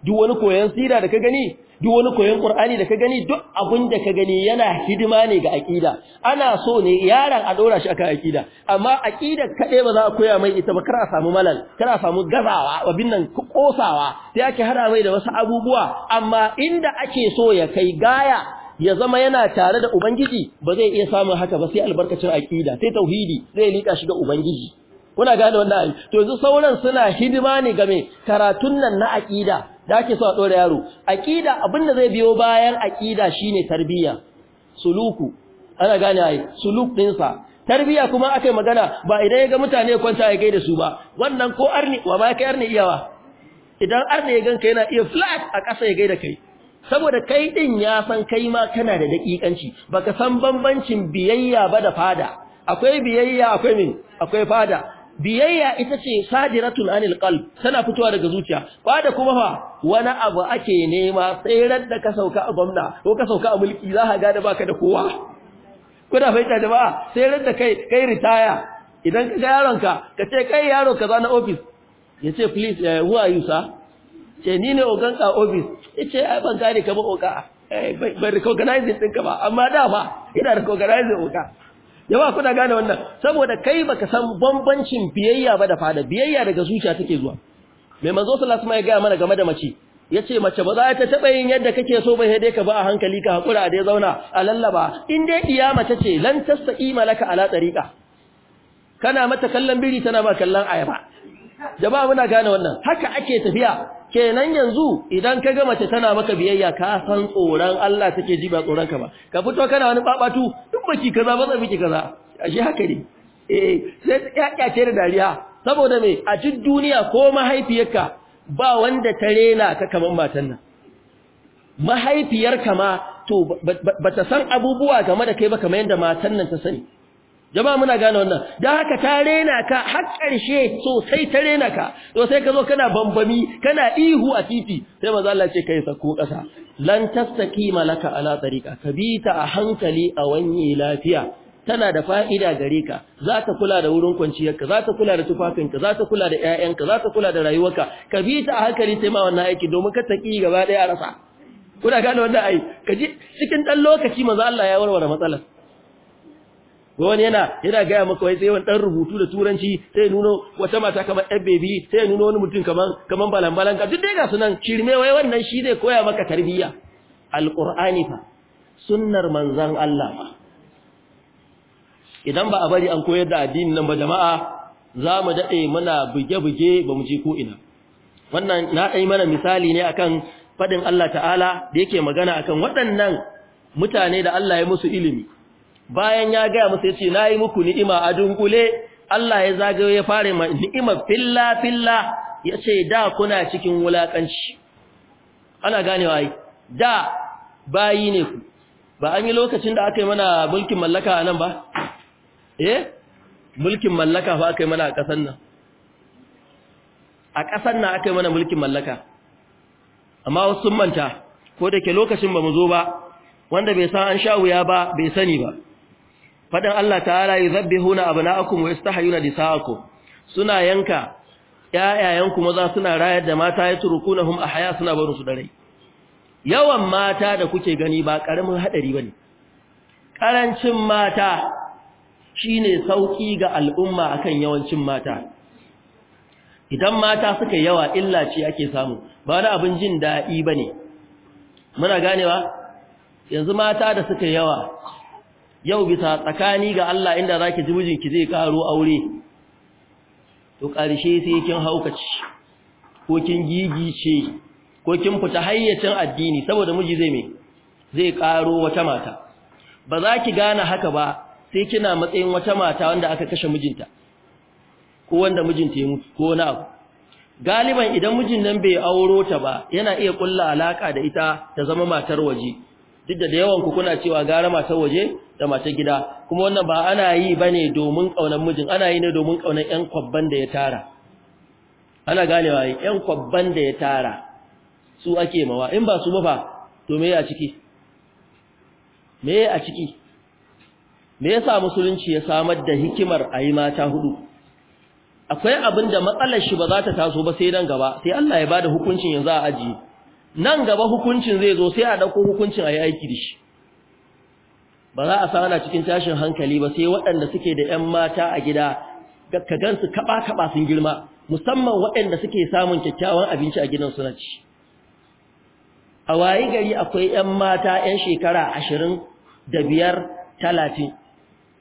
duk wani koyon sira da ka gani duk wani koyon qur'ani da ka gani duk abin da ka gani yana hidima ne ga aqida ana so ne yaran a dora shi akan aqida amma aqida kaɗai ba za a koya mai ita ba kar a samu malal kar a samu gazawa abin nan kosawa sai ake hada mai da wasu abubuwa amma inda ake so ya kai gaya ya zama yana tare da ubangiji ba zai iya samun haka ba sai albarkacin aqida sai tauhidi zai lika shi ga ubangiji kuna gane wannan a to yanzu sauran suna hidima ne game karatun nan na aqida da ake so a dora yaro abin da zai biyo bayan aƙida shine tarbiya suluku ana gane ai suluk din sa tarbiya kuma akai magana ba idan ya ga mutane kwanta ya gaida su ba wannan ko arni wa ba kai arni iyawa idan arni ya ganka yana iya flat a ƙasa ya gaida kai saboda kai din ya san kai ma kana da dakikanci baka san bambancin biyayya ba da fada akwai biyayya akwai min akwai fada biyayya ita ce sadiratul anil qalb tana fitowa daga zuciya ba da kuma fa wani abu ake nema tsayar da ka sauka a gwamna ko ka sauka a mulki za ka gane baka da kowa kuna faita ba? tsayar da kai kai ritaya idan ka ga yaron ka ka ce kai yaro kaza na office ya ce please eh, who are you sir ce ni ne ogan ka office ya ce ai ban gane ka ba oka eh, ban recognize din ka ba amma da ba ina recognize oka yawa kuna gane wannan saboda kai baka san bambancin biyayya ba da fada biyayya daga zuciya take zuwa mai manzo sallallahu alaihi wasallam ya gaya mana game da mace yace mace ba za ta taba yin yadda kake so ba sai dai ka ba a hankali ka hakura da ya zauna a lallaba in dai iya mace ce lan tasqi malaka ala tariqa kana mata kallon biri tana ba kallon ayaba jama'a muna gane wannan haka ake tafiya kenan yanzu idan ka ga mace tana maka biyayya ka san tsoron Allah take ji ba tsoron ka ba ka fito kana wani babatu duk baki kaza ba zabi ki kaza ashe haka ne eh sai ta ce da dariya saboda me a cikin duniya ko mahaifiyarka ba wanda ta rena ka kaman matan nan mahaifiyarka ma to bata san abubuwa game da kai ba kamar yadda matan nan ta sani jama'a muna gane wannan dan haka ta rena ka har karshe sosai ta rena ka to sai ka zo kana bambami kana ihu a titi sai manzo Allah ce kai sako kasa lan tastaqima laka ala tariqa kabita a hankali a wani lafiya tana da fa'ida gare ka za ta kula da wurin kwanciyarka za ta kula da tufafinka za ta kula da ƴaƴanka za ta kula da rayuwarka kabita a hankali sai ma wannan aiki domin ka taki gaba daya a rasa kuna gane wannan ai kaji cikin dan lokaci manzo Allah ya warware matsalar wani yana yana gaya maka wai sai wani dan rubutu da turanci sai nuno wata mata kamar ɗan bebi sai nuno wani mutum kaman kaman balambalan ka duk dai ga sunan shirme wai wannan shi zai koya maka tarbiyya alqur'ani fa sunnar manzon Allah fa idan ba a bari an koyar da addini nan ba jama'a za mu daɗe muna buge-buge ba mu je ko ina wannan na dai mana misali ne akan faɗin Allah ta'ala da yake magana akan waɗannan mutane da Allah ya musu ilimi bayan ya gaya musu yace yi muku ni'ima a dunkule Allah ya zagayo ya fare ma ni'ima filla filla yace da kuna cikin wulakanci ana ganewa ai da bayi ne ku ba an yi lokacin da aka yi mana mulkin mallaka a nan ba eh mulkin mallaka fa aka yi mana a ƙasar nan a ƙasar nan aka yi mana mulkin mallaka amma wasu sun manta ko da ke lokacin ba mu zo ba wanda bai san an sha wuya ba bai sani ba faɗin Allah ta'ala yuzabbihuna abna'akum wa yastahyuna nisa'akum suna yanka ƴaƴayen maza maza suna rayar da mata ya a haya suna barin su dare yawan mata da kuke gani ba karamin hadari bane karancin mata shine sauƙi ga al'umma akan yawancin mata idan mata suka yawa illa ce ake samu ba wani abin jin daɗi bane muna ganewa yanzu mata da suka yawa yau bisa tsakani ga Allah inda za ki ji mijinki zai karo aure to ƙarshe sai kin haukace ko kin gigice ko kin fita hayyacin addini saboda miji zai me zai karo wata mata ba za ki gane haka ba sai kina matsayin wata mata wanda aka kashe mijinta ko wanda mijinta ya mutu ko na abu galiban idan mijin nan bai auro ta ba yana iya kulla alaka da ita ta zama matar waje duk da yawan ku kuna cewa gara matar waje da matar gida kuma wannan ba ana yi bane domin kaunar mijin ana yi ne domin kaunar ƴan kwabban da ya tara ana ganewa ƴan kwabban da ya tara su ake mawa in ba su ba to me a ciki me a ciki me yasa musulunci ya samar da hikimar ayi mata hudu akwai abin da matsalar shi ba za ta taso ba sai nan gaba sai Allah ya bada hukuncin yanzu a ajiye nan gaba hukuncin zai zo sai a ɗauko hukuncin a yi aiki da shi ba za a sana cikin tashin hankali ba sai waɗanda suke da 'yan mata a gida ka gansu kaba-kaba sun girma musamman waɗanda suke samun kyakkyawan abinci a gidan suna ci a wayi gari akwai 'yan mata 'yan shekara ashirin da biyar talatin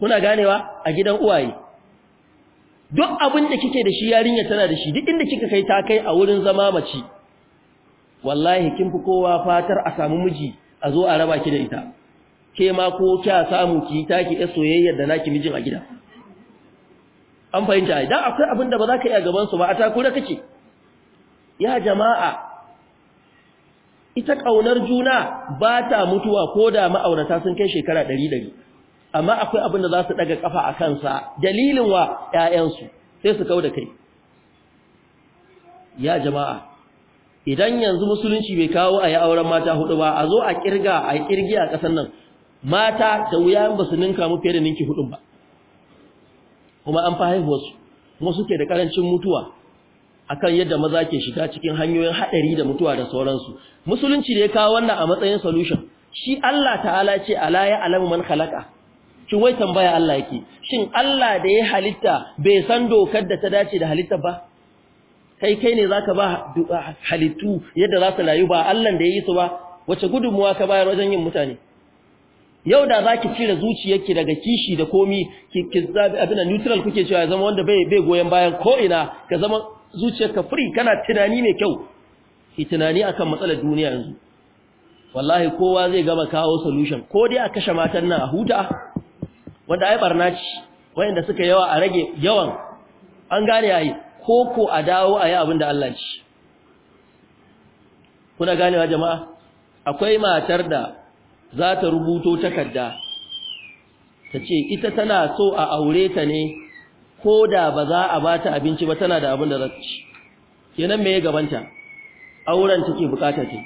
kuna ganewa a gidan uwaye duk abin da kike da shi yarinya tana da shi duk inda kika kai ta kai a wurin zama mace wallahi kin fi kowa fatar a samu miji a zo a raba ki da ita ke ma ko kya samu ki taki ya soyayyar da naki mijin a gida an fahimta idan akwai abin da ba za ka iya gaban su ba a takura kake ya jama'a ita ƙaunar juna ba ta mutuwa ko da ma'aurata sun kai shekara ɗari ɗari amma akwai abin da za su ɗaga ƙafa a kansa dalilin wa ‘ya'yansu sai su kau da kai ya jama'a idan yanzu musulunci bai kawo a yi auren mata hudu ba a zo a kirga a kirgi a ƙasar nan mata da wuya ba su ninka mu fiye da ninki hudu ba kuma an fa haihuwarsu kuma suke da karancin mutuwa akan yadda maza ke shiga cikin hanyoyin hadari da mutuwa da sauransu musulunci da ya kawo wannan a matsayin solution shi Allah ta'ala ce ala ya alamu man khalaqa shin wai tambaya Allah yake shin Allah da ya halitta bai san dokar da ta dace da halitta ba kai kai ne zaka ba halittu yadda za su layu ba Allah da ya yi su ba wace gudunmuwa ka bayar wajen yin mutane yau da zaki cire zuciyarki daga kishi da komi ki ki abin neutral kuke cewa ya zama wanda bai bai goyen bayan ko ina ka zama zuciyarka free kana tunani mai kyau ki tunani akan matsalar duniya yanzu wallahi kowa zai gama kawo solution ko dai a kashe matan nan a huta wanda ai barnaci wayanda suka yawa a rage yawan an gane yayi Koko a dawo a yi abin da Allah ce kuna ganewa jama'a akwai matar da za ta rubuto takarda ta ce ita tana so a aure ta ne ko da ba za a ba ta abinci ba tana da abin da za ta ci kenan me ya gabanta auren take bukata ta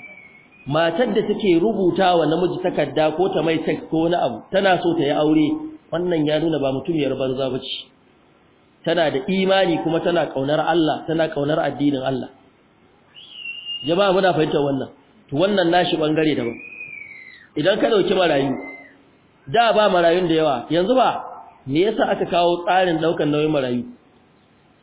matar da take rubuta wa namiji takarda ko ta mai tek ko wani abu tana so ta yi aure wannan ya nuna ba mutumiyar banza ba ce tana da imani kuma tana kaunar Allah tana kaunar addinin Allah jama'a muna fahimtar wannan to wannan nashi bangare daban idan ka dauki marayu da ba marayun da yawa yanzu ba me yasa aka kawo tsarin daukan nauyin marayu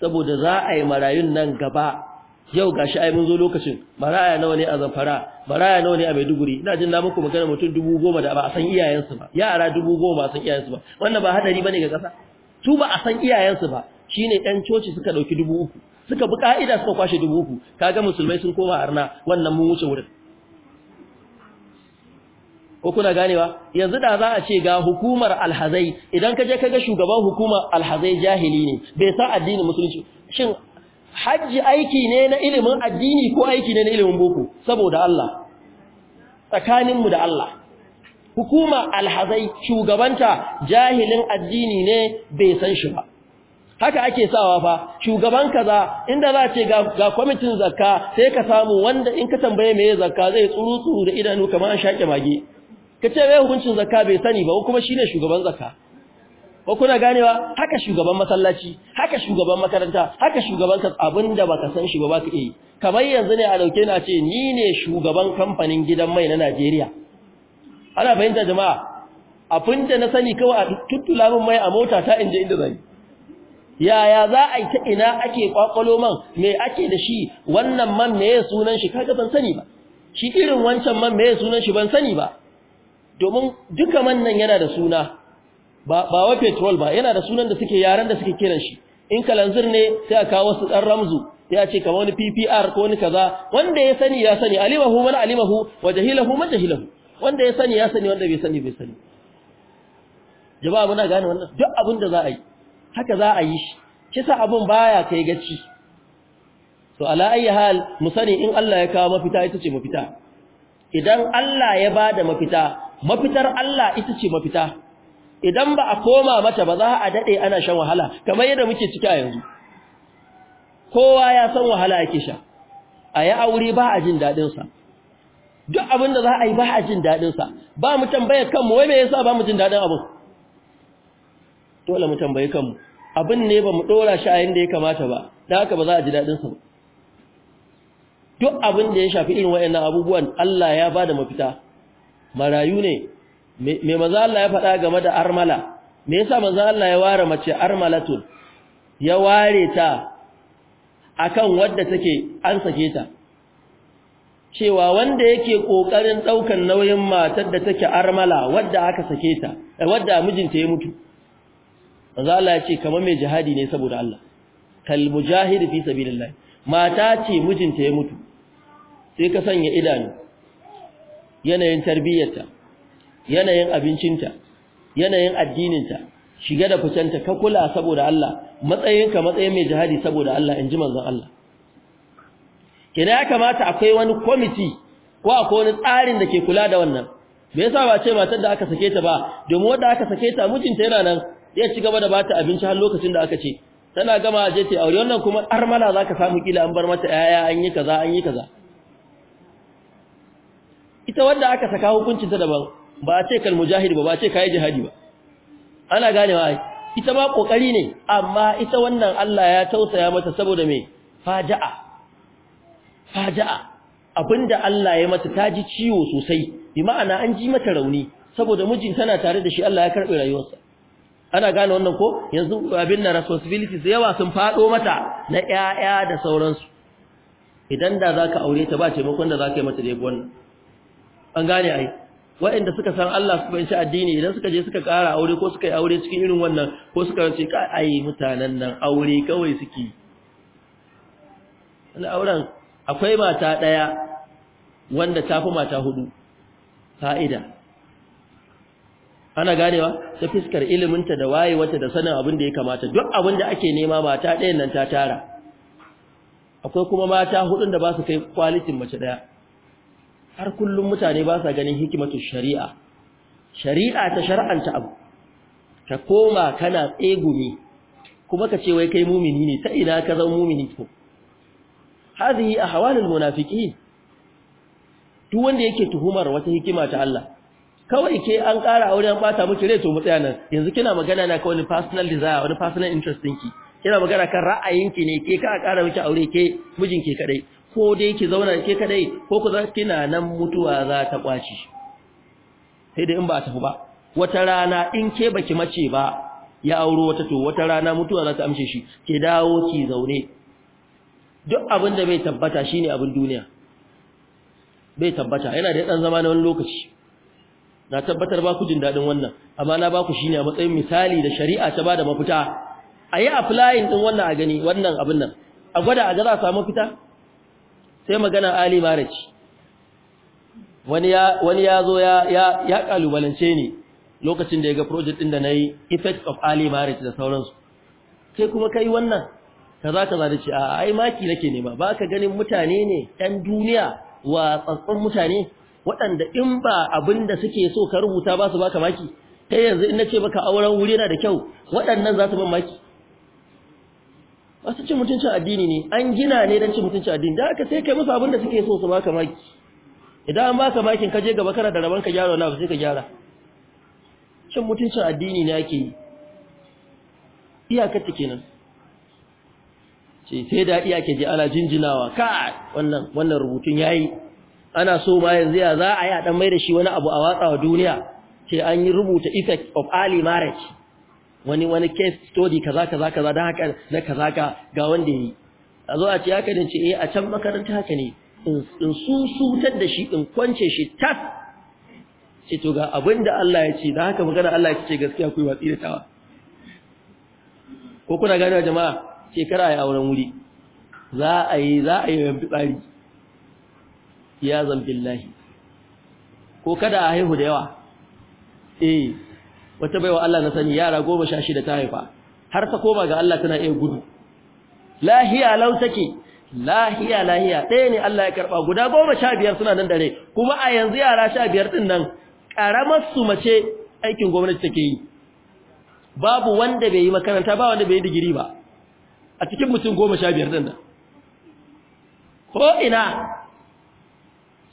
saboda za a yi marayun nan gaba yau gashi ai mun zo lokacin maraya nawa ne a zamfara maraya nawa ne a maiduguri ina jin na muku magana mutum dubu goma da ba a san iyayensu ba yara dubu goma ba a san iyayensu ba wannan ba hadari bane ga kasa su ba a san iyayensu ba shine ɗan coci suka ɗauki dubu uku suka bi ƙa'ida suka kwashe dubu uku kaga musulmai sun koma arna wannan mun wuce wurin ko kuna ganewa yanzu da za a ce ga hukumar alhazai idan ka je kaga shugaban hukumar alhazai jahili ne bai san addinin musulunci shin hajji aiki ne na ilimin addini ko aiki ne na ilimin boko saboda Allah tsakaninmu da Allah hukuma alhazai shugabanta jahilin addini ne bai san shi ba haka ake sawa fa shugaban kaza inda za ce ga, kwamitin zakka sai ka samu wanda in ka tambaye me zakka zai tsuru da idanu kamar an shake mage ka ce mai hukuncin zakka bai sani ba kuma shine shugaban zakka ko kuna ganewa haka shugaban masallaci haka shugaban makaranta haka shugaban ka abinda baka san shi ba ba ka yi kamar yanzu ne a dauke na ce ni ne shugaban kamfanin gidan mai na Najeriya ana fahimta jama'a abin da na sani kawai a tuttula min mai a mota ta inje inda zai yaya za a yi ta ina ake kwakwalo man me ake da shi wannan man me ya sunan shi kaga ban sani ba shi irin wancan man me ya sunan shi ban sani ba domin duka man nan yana da suna ba ba wa petrol ba yana da sunan da suke yaran da suke kiran shi in kalanzir ne sai a kawo su dan ramzu ya ce kamar wani PPR ko wani kaza wanda ya sani ya sani alimahu man alimahu wa jahilahu jahilahu wanda ya sani ya sani wanda bai sani bai sani jama'a muna gane wannan duk abin da za a yi haka za a yi shi kisa abun baya kai gaci to ala ayi hal mu sani in Allah ya kawo mafita ita ce mafita idan Allah ya ba da mafita mafitar Allah ita ce mafita idan ba a koma mata ba za a dade ana shan wahala kamar yadda muke ciki a yanzu kowa ya san wahala yake sha a yi aure ba a jin daɗinsa duk abin da za a yi ba a jin daɗinsa ba mu tambaye kanmu wai me yasa ba mu jin daɗin abin dole mu tambaye kanmu abin ne ba mu ɗora shi a yadda ya kamata ba da haka ba za a ji daɗinsa ba duk abin da ya shafi irin wa'annan abubuwan Allah ya ba da mafita marayu ne me maza Allah ya faɗa game da armala me yasa maza Allah ya ware mace armalatul ya ware ta akan wadda take an sake ta cewa wanda yake kokarin daukan nauyin matar da take armala wadda aka sake ta eh, wadda mijinta ya mutu manzo Allah ya ce kamar mai jihadi ne saboda Allah kal mujahid fi sabilillah mata ce mijinta ya mutu sai ka sanya idanu yanayin tarbiyyarta yanayin abincinta yanayin addininta shiga da kucanta ka kula saboda Allah matsayinka matsayin mai jihadi saboda Allah in ji manzan Allah kina ya kamata akwai wani kwamiti ko akwai wani tsarin da ke kula da wannan me yasa ba ce matar da aka sake ta ba domin wanda aka sake ta mijinta yana nan ya ci gaba da bata abinci har lokacin da aka ce tana gama je ta aure wannan kuma armala zaka samu kila an bar mata yaya an yi kaza an yi kaza ita wanda aka saka hukuncin ta daban ba a ce kal mujahid ba ba a ce kai jihadi ba ana ganewa ai ita ma kokari ne amma ita wannan Allah ya tausaya mata saboda me faja'a abin abinda Allah ya mata ta ji ciwo sosai bi ma'ana an ji mata rauni saboda mijin tana tare da shi Allah ya karbe rayuwarsa ana gane wannan ko yanzu abin na responsibilities da yawa sun fado mata na ƴaƴa da sauransu idan da zaka aure ta ba taimakon da zaka yi mata da yabo an gane ai waɗanda suka san Allah su fahimci addini idan suka je suka ƙara aure ko suka yi aure cikin irin wannan ko suka ce ka ai mutanen nan aure kawai suke Allah auren akwai mata ɗaya wanda ta fi mata hudu fa'ida ana ganewa ta fiskar iliminta da wayewata da sanin abin da ya kamata duk abin da ake nema mata ɗayan nan ta tara akwai kuma mata hudun da ba su kai kwalitin mace ɗaya har kullum mutane ba sa ganin hikimatu shari'a shari'a ta shar'anta abu ka koma kana tsegumi kuma ka ce wai kai mumini ne ta ina ka zama mumini ko a ahwalul munafiqin duk wanda yake tuhumar wata hikima ta Allah kawai ke an ƙara aure an bata miki rai to mu nan yanzu kina magana na kawai personal desire wani personal interest ɗinki kina magana kan ra'ayinki ne ke ka ƙara miki aure ke mijin ke kadai ko dai ki zauna ke kadai ko ku kina nan mutuwa za ta kwaci sai dai in ba tafi ba wata rana in ke baki mace ba ya auro wata to wata rana mutuwa za ta amshe shi ke dawo ki zaune duk abin da bai tabbata shine abin duniya bai tabbata yana da ɗan zama na wani lokaci na tabbatar ba ku jin daɗin wannan amma na ba ku shine a matsayin misali da shari'a ta ba da mafita a yi aflayin ɗin wannan a gani wannan abin nan a gwada a ga za samu fita sai magana Ali Marich wani ya zo ya ƙalubalance kalubalance ni lokacin da ya ga project ɗin da na yi effect of ali marriage da sauransu sai kuma ka yi wannan za ka zane ce a ai maki nake nema ba ka ganin mutane ne ɗan duniya wa tsatsun mutane waɗanda in ba abin da suke so ka rubuta ba su baka maki Ta yanzu in ce baka auren wuri yana da kyau waɗannan za su ban maki wasu cin mutuncin addini ne an gina ne don cin mutuncin addini da aka sai kai musu abin da suke so su baka maki idan an baka makin ka je gaba kana da rabon ka gyara wani abu sai ka gyara cin mutuncin addini ne ake yi iyakar ta kenan ce sai iya ke ji ana jinjinawa ka wannan wannan rubutun yayi ana so ba yanzu ya za a yi a dan mai da shi wani abu a watsa wa duniya ce an yi rubuta effect of early marriage wani wani case study kaza kaza kaza da haka na kaza ka ga wanda yi a zo a ce haka ne ce eh a can makaranta haka ne in susutar da shi in kwance shi tas ce to ga abin da Allah ya ce da haka magana Allah ya ce gaskiya ku yi watsi da tawa ko kuna gane jama'a Shekara ya auren wuri za a yi za a yi yan fitsari ya lahi ko kada a haihu da yawa eh wata baiwa Allah na sani yara goma sha shida ta haifa har ta koma ga Allah tana iya gudu lahiya lau take lahiya lahiya ɗaya ne Allah ya karɓa guda goma sha biyar suna nan dare kuma a yanzu yara sha biyar ɗin nan ƙaramar su mace aikin gwamnati take yi babu wanda bai yi makaranta ba wanda bai yi digiri ba a cikin mutum goma sha biyar nan ko ina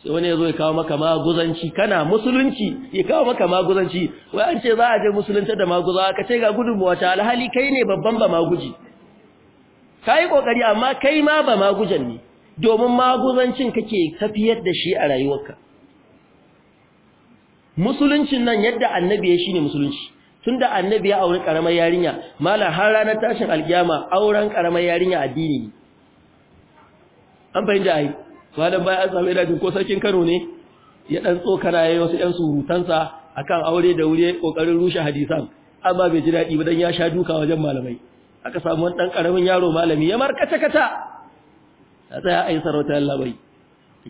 sai wani ya zo ya kawo maka maguzanci kana musulunci ya kawo maka maguzanci wai an ce za a je musulunta da maguza ka ce ga gudunmuwa ta alhali kai ne babban ba maguji ka yi ƙoƙari amma kai ma ba magujan ne domin maguzancin kake tafiyar da shi a rayuwarka musuluncin nan yadda annabi ya shi ne musulunci Tun da annabi ya aure karamar yarinya mallan har ranar tashin alkiyama auren karamar yarinya addini an bayin ai malam bai an samu idajin ko sarkin Kano ne ya dan tsokana yayin wasu ɗan surutansa akan aure da wuri kokarin rushe hadisan amma bai ji dadi ba dan ya sha duka wajen malamai aka samu wani dan karamin yaro malami ya markata kata a tsaya ai sarauta Allah bai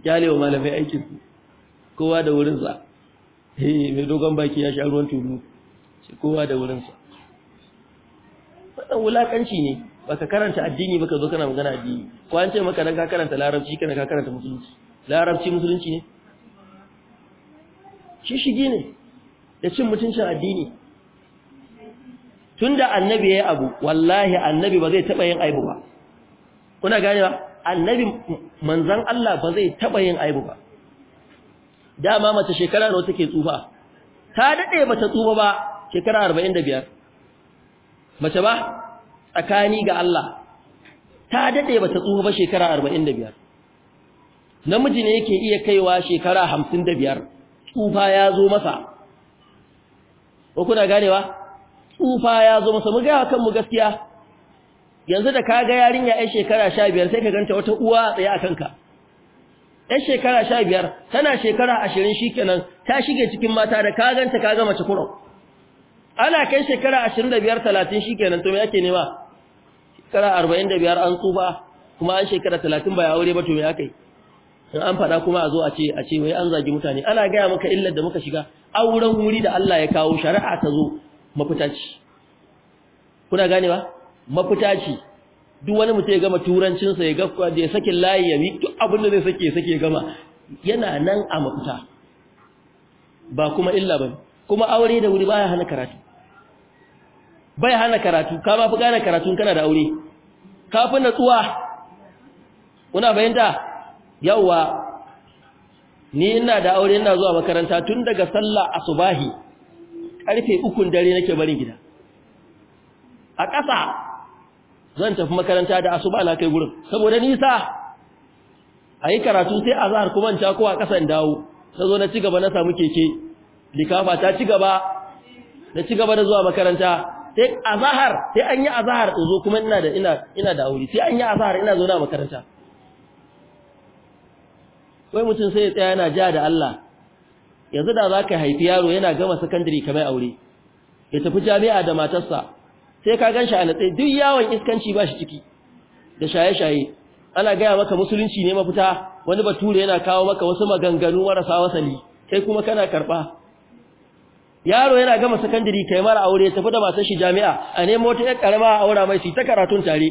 kyale wa malamai aikin kowa da wurin sa eh mai dogon baki ya sha ruwan tulu sai kowa da wurinsa wannan wulakanci ne baka karanta addini baka zo kana magana addini ko an ce maka dan ka karanta larabci kana ka karanta musulunci larabci musulunci ne shi shige ne da cin mutuncin addini tunda annabi yayi abu wallahi annabi ba zai taba yin aibu ba kuna gane ba annabi manzon Allah ba zai taba yin aibu ba dama mace shekara nawa take tsufa ta dade bata tsufa ba shekara 45 mace ba tsakani ga Allah ta dade ta tsufa ba shekara 45 namiji ne yake iya kaiwa shekara 55 tsufa ya zo masa ko kuna ganewa tsufa ya zo masa mu ga kanmu gaskiya yanzu da kaga yarinya ai shekara 15 sai ka ganta wata uwa tsaye a kanka ai shekara 15 tana shekara 20 shikenan ta shige cikin mata da ka ganta kaga mace kurau ana kai shekara 25 30 kenan to me ake nema shekara 45 an tsufa kuma an shekara 30 ba ya aure ba to me yi? in an fada kuma a zo a ce a ce wai an zagi mutane ana gaya maka illar da muka shiga auren wuri da Allah ya kawo shari'a ta zo mafita ce kuna gane ba mafita ce duk wani mutum ya gama turancinsa ya gafka da ya saki layi ya duk abin da zai sake sake gama yana nan a mafita ba kuma illa ne. kuma aure da wuri baya hana karatu bai hana karatu ka ba fi gane karatu kana da aure kafin natsuwa kuna bayanta yawwa ni ina da aure ina zuwa makaranta tun daga sallah asubahi karfe ukun dare nake barin gida a ƙasa zan tafi makaranta da asuba na kai gurin saboda nisa a yi karatu sai zahar kuma in ta kowa ƙasa in dawo ta zo na ci gaba na samu keke likafa ta ci gaba da ci gaba da zuwa makaranta sai azhar sai an yi azhar in zo kuma ina da ina ina da aure sai an yi azhar ina zo da makaranta wai mutum sai ya tsaya yana ja da Allah yanzu da zaka haifi yaro yana gama secondary kamar aure ya tafi jami'a da matarsa sai ka ganshi a natsai duk yawon iskanci ba shi ciki da shaye-shaye ana gaya maka musulunci ne mafita wani bature yana kawo maka wasu maganganu marasa wasali sai kuma kana karɓa. yaro yana gama sakandiri kai mara aure tafi da matar shi jami'a a nemo wata yar karama a aura mai shi ta karatun tare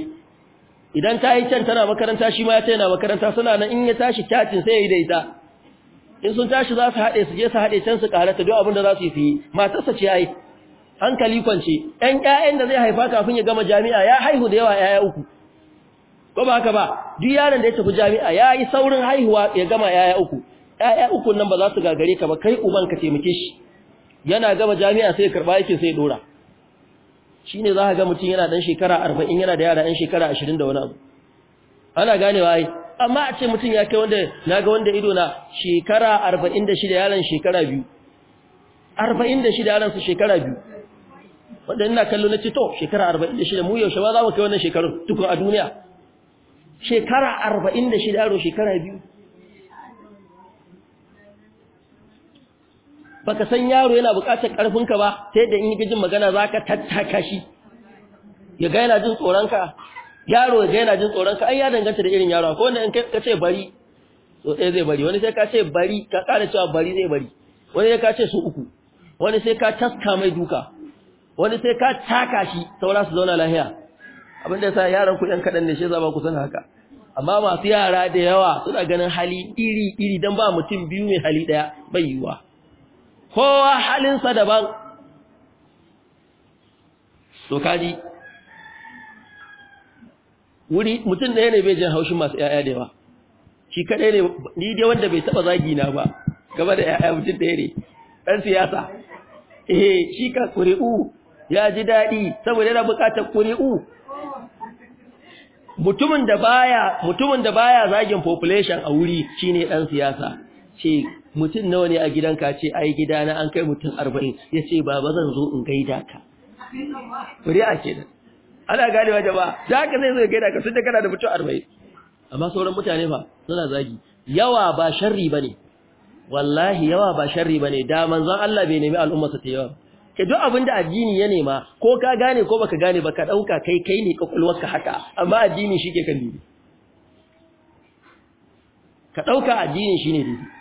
idan ta yi can tana makaranta shi ma ya tana makaranta suna nan in ya tashi kyatin sai ya yi da ita in sun tashi za su haɗe su je su haɗe can su karata duk abin da za su yi su yi matarsa ce ai hankali kwance ɗan ƴaƴan da zai haifa kafin ya gama jami'a ya haihu da yawa ƴaƴa uku ko ba haka ba duk yaron da ya tafi jami'a ya yi saurin haihuwa ya gama ƴaƴa uku ƴaƴa uku nan ba za su gagare ka ba kai uban ka taimake shi yana gama jami'a sai ya karba yake sai ya dora ne za ka ga mutum yana dan shekara arba'in yana da yara dan shekara ashirin da wani abu ana ganewa ai amma a ce mutum ya kai wanda na ga wanda ido na shekara shida yaran shekara biyu Arba'in da shida yaran su shekara biyu wanda ina kallo na ce to shekara arba'in da shida. mu yaushe ba za mu kai wannan shekarun tukun a duniya shekara arba'in da shida yaro shekara biyu baka san yaro yana buƙatar ƙarfinka ba sai da in yi jin magana za ka tattaka shi ya ga yana jin tsoronka yaro ya ga yana jin tsoronka ai ya danganta da irin yaro ko wanda in ka ce bari so ɗaya zai bari wani sai ka ce bari ka ƙara cewa bari zai bari wani sai ka ce su uku wani sai ka taska mai duka wani sai ka taka shi saura su zauna lahiya abin da yasa yaran ku ɗan kaɗan ne shi za ba ku san haka amma masu yara da yawa suna ganin hali iri iri dan ba mutum biyu mai hali ɗaya bai yiwuwa kowa halinsa daban so kaji wuri mutum ɗaya ne bai jin haushin masu ‘ya'ya da yawa shi kaɗai ne ni dai wanda bai taɓa zagi na ba Gaba da ‘ya'ya mutum ɗaya ne ɗan siyasa eh shi ka ƙuri'u ya ji daɗi saboda yana buƙatar ƙuri'u mutumin da baya mutumin da baya zagin population a wuri shine ɗan siyasa ce mutum nawa ne a gidanka ce ai gidana an kai mutum arba'in ya ce baba zan zo in gaida ka a nan. ana gane wajen jama'a da haka zai zo gaida ka sun da kana da mutum arba'in amma sauran mutane ba suna zagi yawa ba sharri ne. wallahi yawa ba sharri bane da manzon Allah bai nemi su ta yawa ke duk abin da addini ya nema ko ka gane ko baka gane baka dauka kai kai ne ka haka amma addini ke kan dubi ka dauka addini ne dubi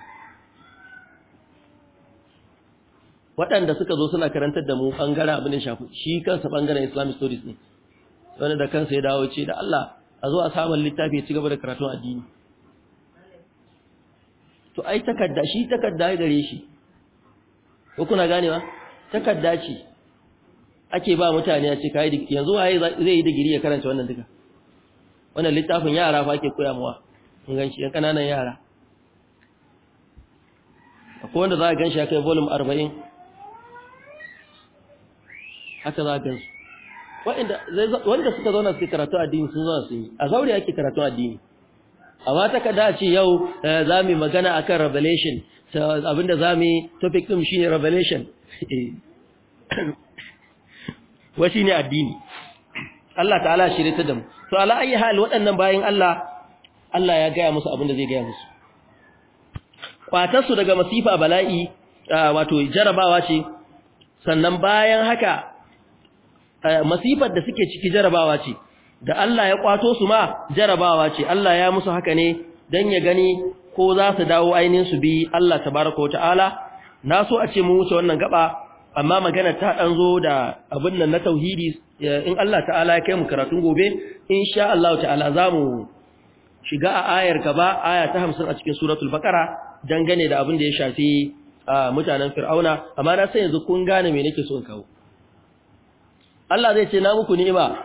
waɗanda suka zo suna karantar da mu ɓangaren abin da shafi shi kansa ɓangaren islamic stories ne wani da kansa ya dawo ce da Allah a zo a samun littafi ya ci gaba da karatun addini to ai takarda shi takarda ya gare shi ko kuna ganewa takarda ce ake ba mutane a ce digiri. yanzu waye zai yi digiri ya karanta wannan duka wannan littafin yara fa ake koya mawa In ganshi yan kananan yara akwai wanda za a ganshi ya kai volume 40 haka za ka su wanda suka zauna suke karatu addini sun zauna su yi a zaure ake karatu addini amma ta kada ce yau eh, za mu magana akan revelation abinda za mu topic shi ne revelation wa ne addini Allah ta'ala shirye ta damu. to ala ayi hal waɗannan bayan Allah Allah ya gaya musu abinda zai gaya musu kwatarsu su daga masifa bala'i ah, wato jarabawa ce sannan bayan haka Eh, masifar da suke ciki jarabawa ce da Allah ya kwato su ma jarabawa ce Allah ya musu haka ne dan ya gani ko za su dawo ainihin su bi Allah tabaraka wataala na so a ce mu wuce wannan gaba amma maganar ta dan zo da abin nan na tauhidi eh, in Allah ta'ala ya kai mu karatu gobe insha Allah ta'ala zamu shiga a ayar gaba aya ta hamsin a cikin suratul baqara dangane da abin da ya shafi ah, mutanen fir'auna amma na san yanzu kun gane me nake so in kawo Allah zai ce na muku ni'ima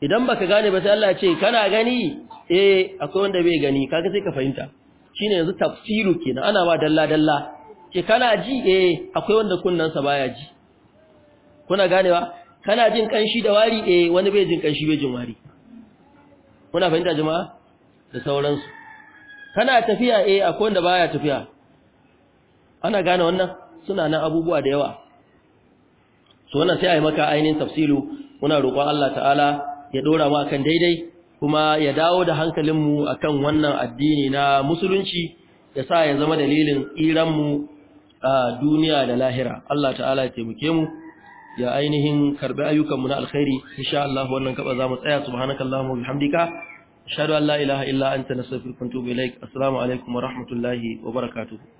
idan baka gane ba sai Allah ya ce kana gani eh akwai wanda bai gani kaga sai ka fahimta shine yanzu tafsiru kenan ana ba dalla dalla ce kana ji eh akwai wanda sa baya ji kuna ganewa kana jin kanshi da wari eh wani bai jin kanshi bai jin wari kuna fahimta jama'a da sauransu kana tafiya eh akwai wanda baya tafiya ana gane wannan suna nan abubuwa da yawa so wannan sai a yi maka ainihin tafsilu muna roƙon Allah ta'ala ya ɗora mu akan daidai kuma ya dawo da hankalinmu akan wannan addini na musulunci ya sa ya zama dalilin tsiranmu a duniya da lahira Allah ta'ala ya taimake mu ya ainihin karbi ayyukanmu na alkhairi insha Allah wannan kaba mu tsaya subhanakallahumma bihamdika ashhadu an la ilaha illa anta nastaghfiruka wa atubu ilaik assalamu alaikum wa rahmatullahi wa barakatuh